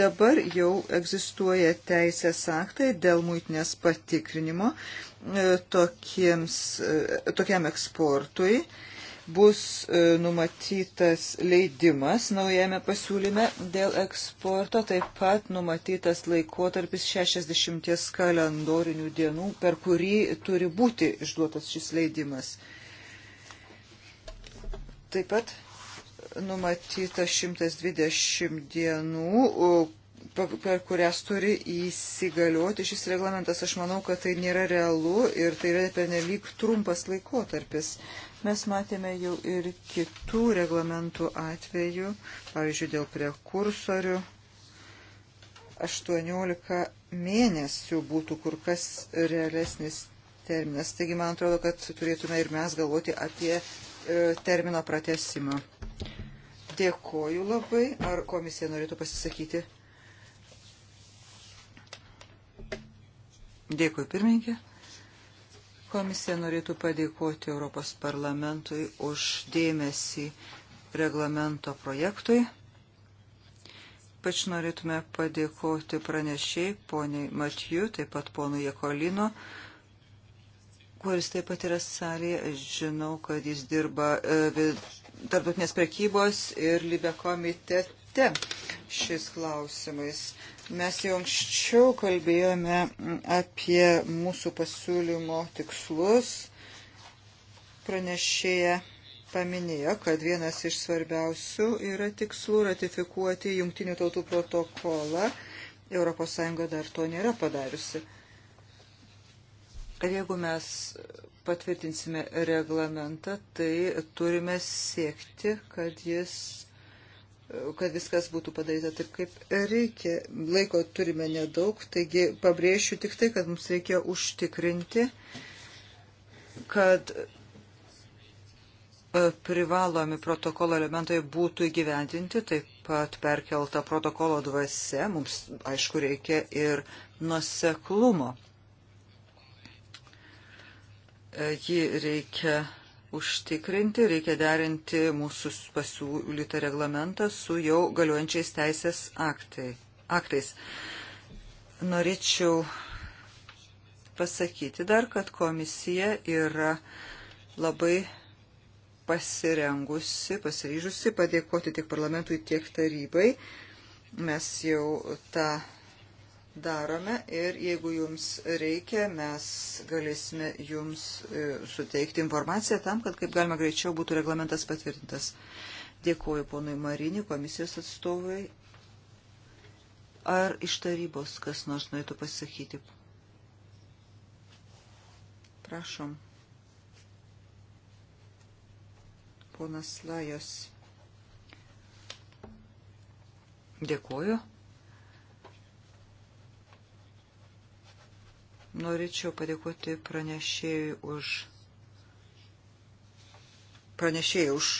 Dabar jau egzistuoja teisės aktai dėl muitinės patikrinimo e, tokiems, e, tokiam eksportui. E, bus e, numatytas leidimas naujame pasiūlyme dėl eksporto, taip pat numatytas laikotarpis 60 kalendorinių dienų, per kurį turi būti išduotas šis leidimas. Taip pat numatyta 120 dienų, per kurias turi įsigalioti šis reglamentas. Aš manau, kad tai nėra realu ir tai yra pernelyg trumpas laikotarpis. Mes matėme jau ir kitų reglamentų atvejų, pavyzdžiui, dėl prekursorių. 18 mėnesių būtų kur kas realesnis terminas. Taigi, man atrodo, kad turėtume ir mes galvoti apie e, termino pratesimą. Dėkoju labai. Ar komisija norėtų pasisakyti? Dėkui, pirmininkė. Komisija norėtų padėkoti Europos parlamentui už dėmesį reglamento projektui. Pač norėtume padėkoti pranešiai poniai Matiju, taip pat ponui Jekolino, kuris taip pat yra salėje. Žinau, kad jis dirba e, tarptautinės prekybos ir Libė komitete parlamente šiais klausimais. Mes jau anksčiau kalbėjome apie mūsų pasiūlymo tikslus. Pranešėja paminėjo, kad vienas iš svarbiausių yra tikslų ratifikuoti Junktinių tautų protokolą. ES dar to nėra padariusi. Ir jeigu mes patvirtinsime reglamentą, tai turime siekti, kad jis kad viskas būtų padaryta taip, kaip reikia. Laiko turime nedaug, taigi pabrėšiu tik tai, kad mums reikia užtikrinti, kad e, privalomi protokolo elementai būtų įgyventinti, taip pat perkelta protokolo dvasia, mums aišku reikia ir nuseklumo. E, Ji reikia užtikrinti, reikia derinti mūsų pasiūlytą reglamentą su jau galiuojančiais teisės aktai, aktais. Norėčiau pasakyti dar, kad komisija yra labai pasirengusi, pasiryžusi padėkoti tiek parlamentui, tiek tarybai. Mes jau tą darome ir jeigu jums reikia, mes galėsime jums e, suteikti informaciją tam, kad kaip galima greičiau būtų reglamentas patvirtintas. Dėkuoju ponui Marinį, komisijos atstovui. Ar iš tarybos kas nors norėtų pasakyti? Prašom. Ponas Lajos. Dėkuoju. Norėčiau padėkoti pranešėjai už pranešėjai už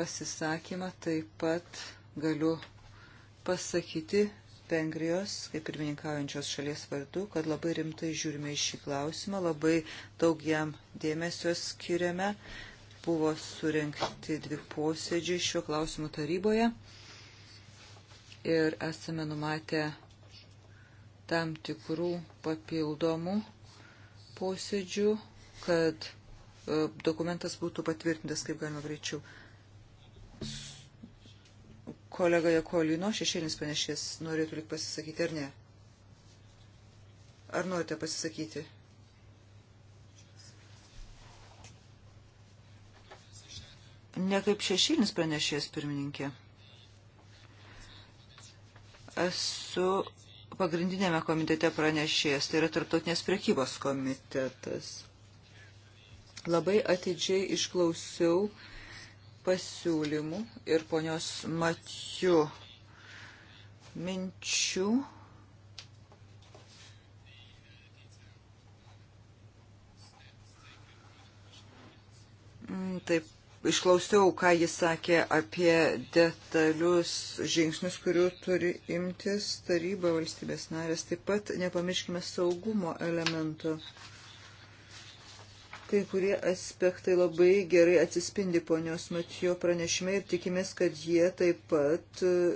pasisakymą. Taip pat galiu pasakyti Vengrijos, kaip pirmininkaujančios šalies vardu, kad labai rimtai žiūrime į šį klausimą, labai daug jam dėmesio skiriame. Buvo surinkti dvi posėdžiai šiuo klausimu taryboje ir esame numatę tam tikrų papildomų posėdžių, kad e, dokumentas būtų patvirtintas kaip galima greičiau. Kolega Jakolino, šešėlis panešės, norėtų lik pasisakyti ar ne? Ar norite pasisakyti? Ne kaip šešėlis pranešės pirmininkė. Esu pagrindinėme komitete pranešėjas, tai yra tarptautinės priekybos komitetas. Labai atidžiai išklausiau pasiūlymų ir ponios Matiu minčių. Taip išklausiau, ką jis sakė apie detalius žingsnius, kurių turi imtis taryba valstybės narės. Taip pat nepamirškime saugumo elementų. Kai kurie aspektai labai gerai atsispindi ponios Matijo pranešime ir tikimės, kad jie taip pat e,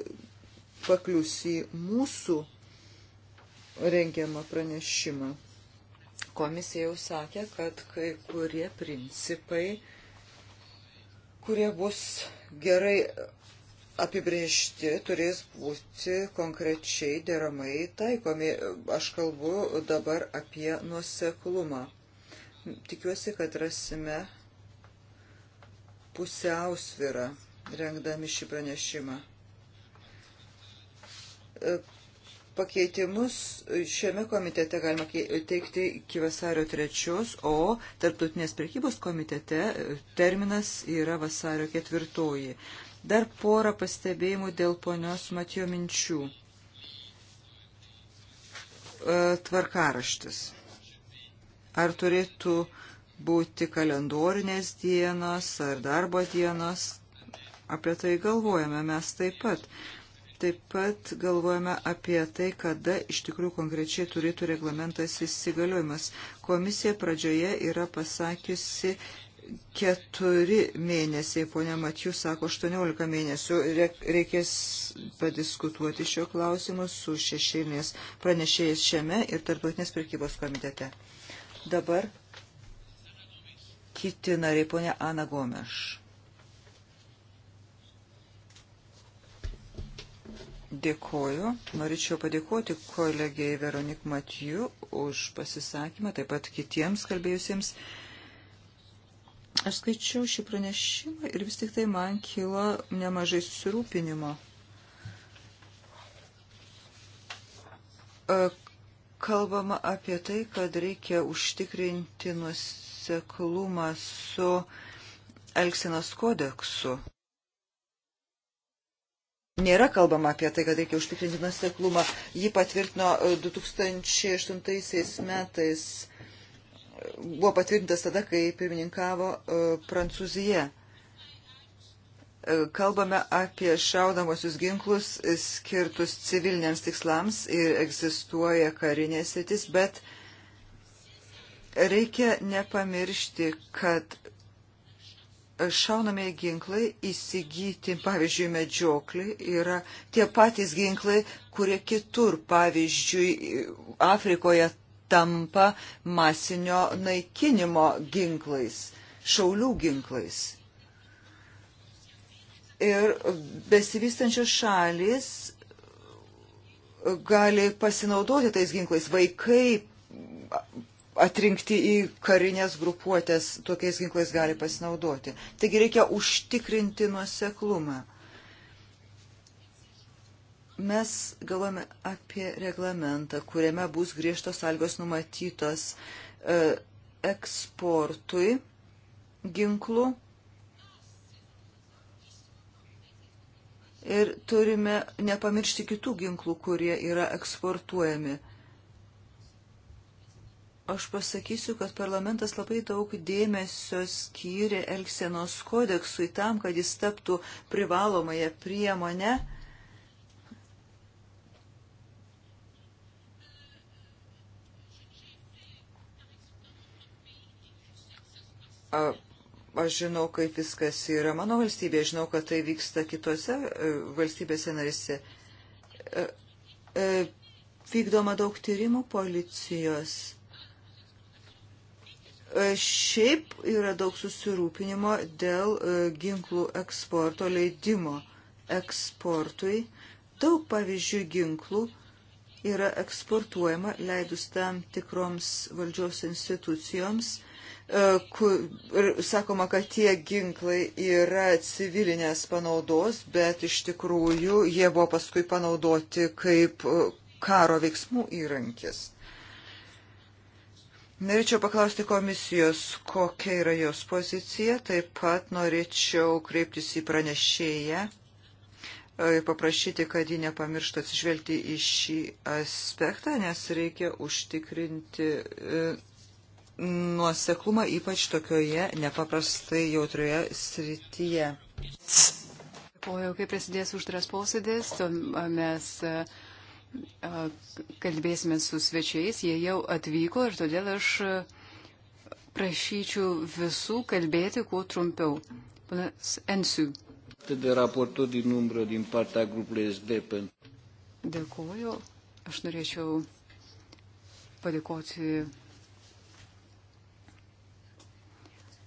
paklius į mūsų rengiamą pranešimą. Komisija jau sakė, kad kai kurie principai kurie bus gerai apibriežti, turės būti konkrečiai deramai taikomi. Aš kalbu dabar apie nuoseklumą. Tikiuosi, kad rasime pusiausvirą rengdami šį pranešimą Pakeitimus šiame komitete galima teikti iki vasario 3, o tarptautinės prekybos komitete e, terminas yra vasario 4. Dar porą pastebėjimų dėl ponios Matijo minčių. E, tvarkaraštis. Ar turėtų būti kalendorinės dienos ar darbo dienos? Apie tai galvojame mes taip pat. Taip pat galvojame apie tai, kada iš tikrųjų konkrečiai turėtų reglamentas įsigaliojimas. Komisija pradžioje yra pasakiusi keturi mėnesiai, ponia Matijų sako 18 mėnesių. Reikės padiskutuoti šio klausimu su šešėlinės pranešėjais šiame ir tarptautinės prekybos komitete. Dabar kiti nariai, ponia Ana Gomeš. Dėkoju. Norėčiau padėkoti kolegijai Veronik Matiju už pasisakymą, taip pat kitiems kalbėjusiems. Aš skaičiau šį pranešimą ir vis tik tai man kilo nemažai susirūpinimo. E, kalbama apie tai, kad reikia užtikrinti nuseklumą su Elksinos kodeksu nėra kalbama apie tai, kad reikia užtikrinti nuseklumą. Ji patvirtino 2008 e, metais, e, buvo patvirtintas tada, kai pirmininkavo e, Prancūzija. Kalbame apie šaudamosius ginklus skirtus civiliniams tikslams ir egzistuoja karinės sritis, bet reikia nepamiršti, kad šaunamieji ginklai įsigyti, pavyzdžiui, medžioklį, yra tie patys ginklai, kurie kitur, pavyzdžiui, Afrikoje tampa masinio naikinimo ginklais, šaulių ginklais. Ir besivystančios šalis gali pasinaudoti tais ginklais. Vaikai atrinkti į karinės grupuotės tokiais ginklais gali pasinaudoti. Taigi reikia užtikrinti nuoseklumą. Mes galvojame apie reglamentą, kuriame bus griežtos sąlygos numatytos e, eksportui ginklų ir turime nepamiršti kitų ginklų, kurie yra eksportuojami. Aš pasakysiu, kad parlamentas labai daug dėmesio skyrė Elksenos kodeksui tam, kad jis taptų privalomąją priemonę. A, aš žinau, kaip viskas yra mano valstybėje, žinau, kad tai vyksta kitose e, valstybėse narise. E, e, vykdoma daug tyrimų policijos E, šiaip yra daug susirūpinimo dėl e, ginklų eksporto leidimo eksportui. Daug pavyzdžių ginklų yra eksportuojama leidus tam tikroms valdžios institucijoms. E, Kur, sakoma, kad tie ginklai yra civilinės panaudos, bet iš tikrųjų jie buvo paskui panaudoti kaip karo veiksmų įrankis. Norėčiau paklausti komisijos, kokia yra jos pozicija. Taip pat norėčiau kreiptis į pranešėją ir e, paprašyti, kad ji nepamirštų atsižvelgti į šį aspektą, nes reikia užtikrinti e, nuoseklumą ypač tokioje nepaprastai jautrioje srityje. O jau kai prasidės uždaras posėdis, mes. Uh, kalbėsime su svečiais, jie jau atvyko ir todėl aš prašyčiau visų kalbėti kuo trumpiau. Panas Ensiu. Dėkuoju. Aš norėčiau padėkoti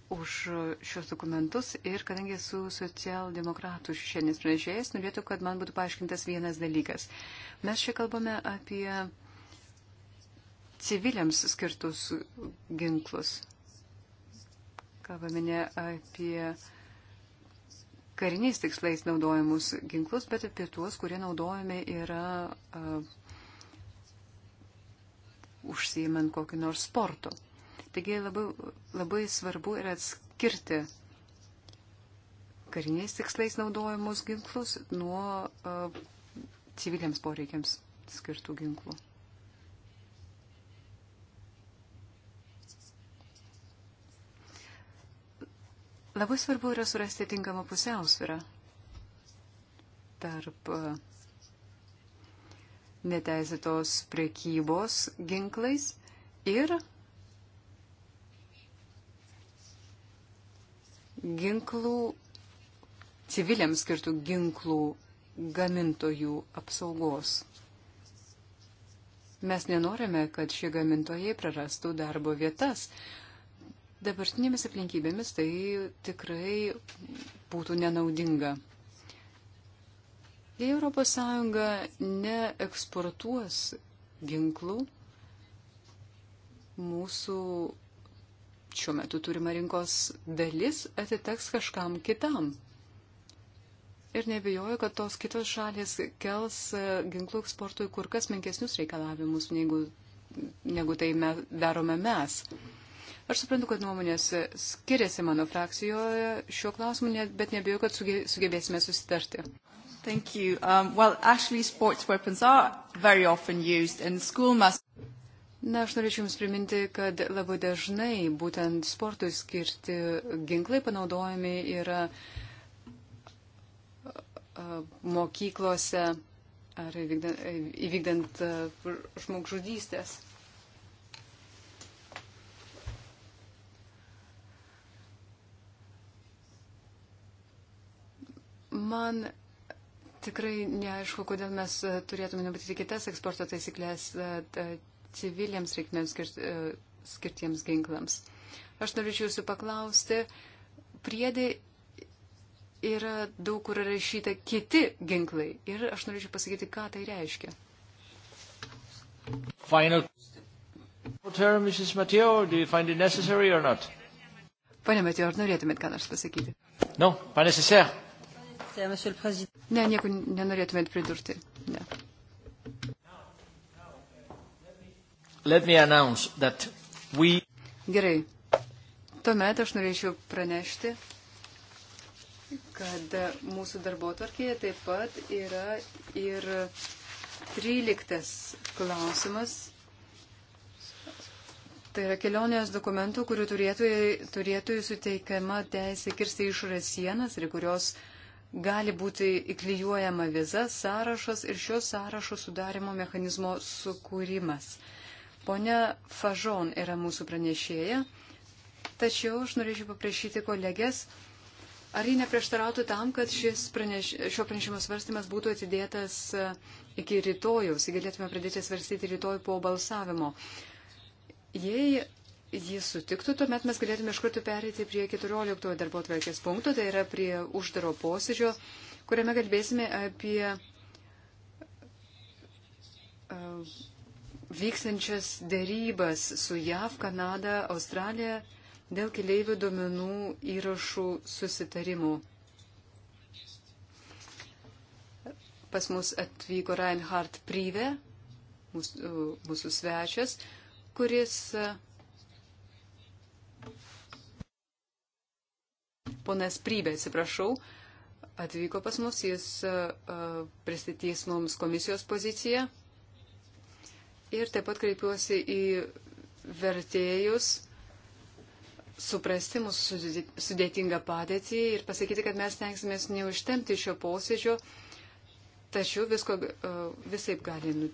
už šios dokumentus ir kadangi esu socialdemokratų šiandien pranešėjas, norėtų, kad man būtų paaiškintas vienas dalykas. Mes čia kalbame apie civiliams skirtus ginklus. Kalbame ne apie kariniais tikslais naudojamus ginklus, bet apie tuos, kurie naudojami yra uh, užsijimant kokį nors sporto. Taigi labai, labai svarbu yra atskirti kariniais tikslais naudojamus ginklus nuo uh, civiliams poreikiams skirtų ginklų. Labai svarbu yra surasti tinkamą pusiausvyrą tarp neteisėtos priekybos ginklais ir ginklų, civiliams skirtų ginklų gamintojų apsaugos. Mes nenorime, kad šie gamintojai prarastų darbo vietas. Dabartinėmis aplinkybėmis tai tikrai būtų nenaudinga. Jei ES neeksportuos ginklų, mūsų šiuo metu turima rinkos dalis atiteks kažkam kitam. Ir nebejoju, kad tos kitos šalis kels e, ginklų eksportui kur kas menkesnius reikalavimus, negu, negu tai me, darome mes. Aš suprantu, kad nuomonės skiriasi mano frakcijoje šiuo klausimu, bet nebejoju, kad suge, sugebėsime susitarti. Thank you. Um, well, actually, sports weapons are very often used, and school must. Na, aš norėčiau Jums priminti, kad labai dažnai būtent sportui skirti ginklai panaudojami yra mokyklose ar įvykdant, įvykdant žmogžudystės. Man tikrai neaišku, kodėl mes turėtume numatyti kitas eksporto taisyklės civiliams reikmėms skirt, e, skirtiems ginklams. Aš norėčiau jūsų paklausti, priedai yra daug kur rašyta kiti ginklai ir aš norėčiau pasakyti, ką tai reiškia. Final. Mrs. Mateo, do you find it necessary or not? Pane Mateo, ar norėtumėt ką nors pasakyti? No, pas nécessaire. Ne, nieko nenorėtumėt pridurti. Ne. we... Gerai. Tuomet aš norėčiau pranešti, kad mūsų darbo tvarkėje taip pat yra ir 13 klausimas. Tai yra kelionės dokumentų, kurių turėtojai, turėtojai suteikiama teisė kirsti išorės sienas ir kurios gali būti įklyjuojama viza, sąrašas ir šio sąrašo sudarimo mechanizmo sukūrimas. Pone Fažon yra mūsų pranešėja, tačiau aš norėčiau paprašyti kolegės, ar ji neprieštarautų tam, kad šis praneš, šio pranešimo svarstymas būtų atidėtas e, iki rytojaus, jį galėtume pradėti svarstyti rytoj po balsavimo. Jei jis sutiktų, tuomet mes galėtume iš karto perėti prie 14 darbo tvarkės punkto, tai yra prie uždaro posėdžio, kuriame kalbėsime apie e, vyksančias dėrybas su JAV, Kanada, Australija dėl keliaivių duomenų įrašų susitarimų. Pas mus atvyko Reinhard Prive, mūsų, mūsų svečias, kuris ponas Prybė, atsiprašau, atvyko pas mus, jis pristatys mums komisijos poziciją Ir taip pat kreipiuosi į vertėjus suprasti mūsų sudėtingą padėtį ir pasakyti, kad mes tenksimės neužtemti šio posėdžio, tačiau visko e, visaip gali nu-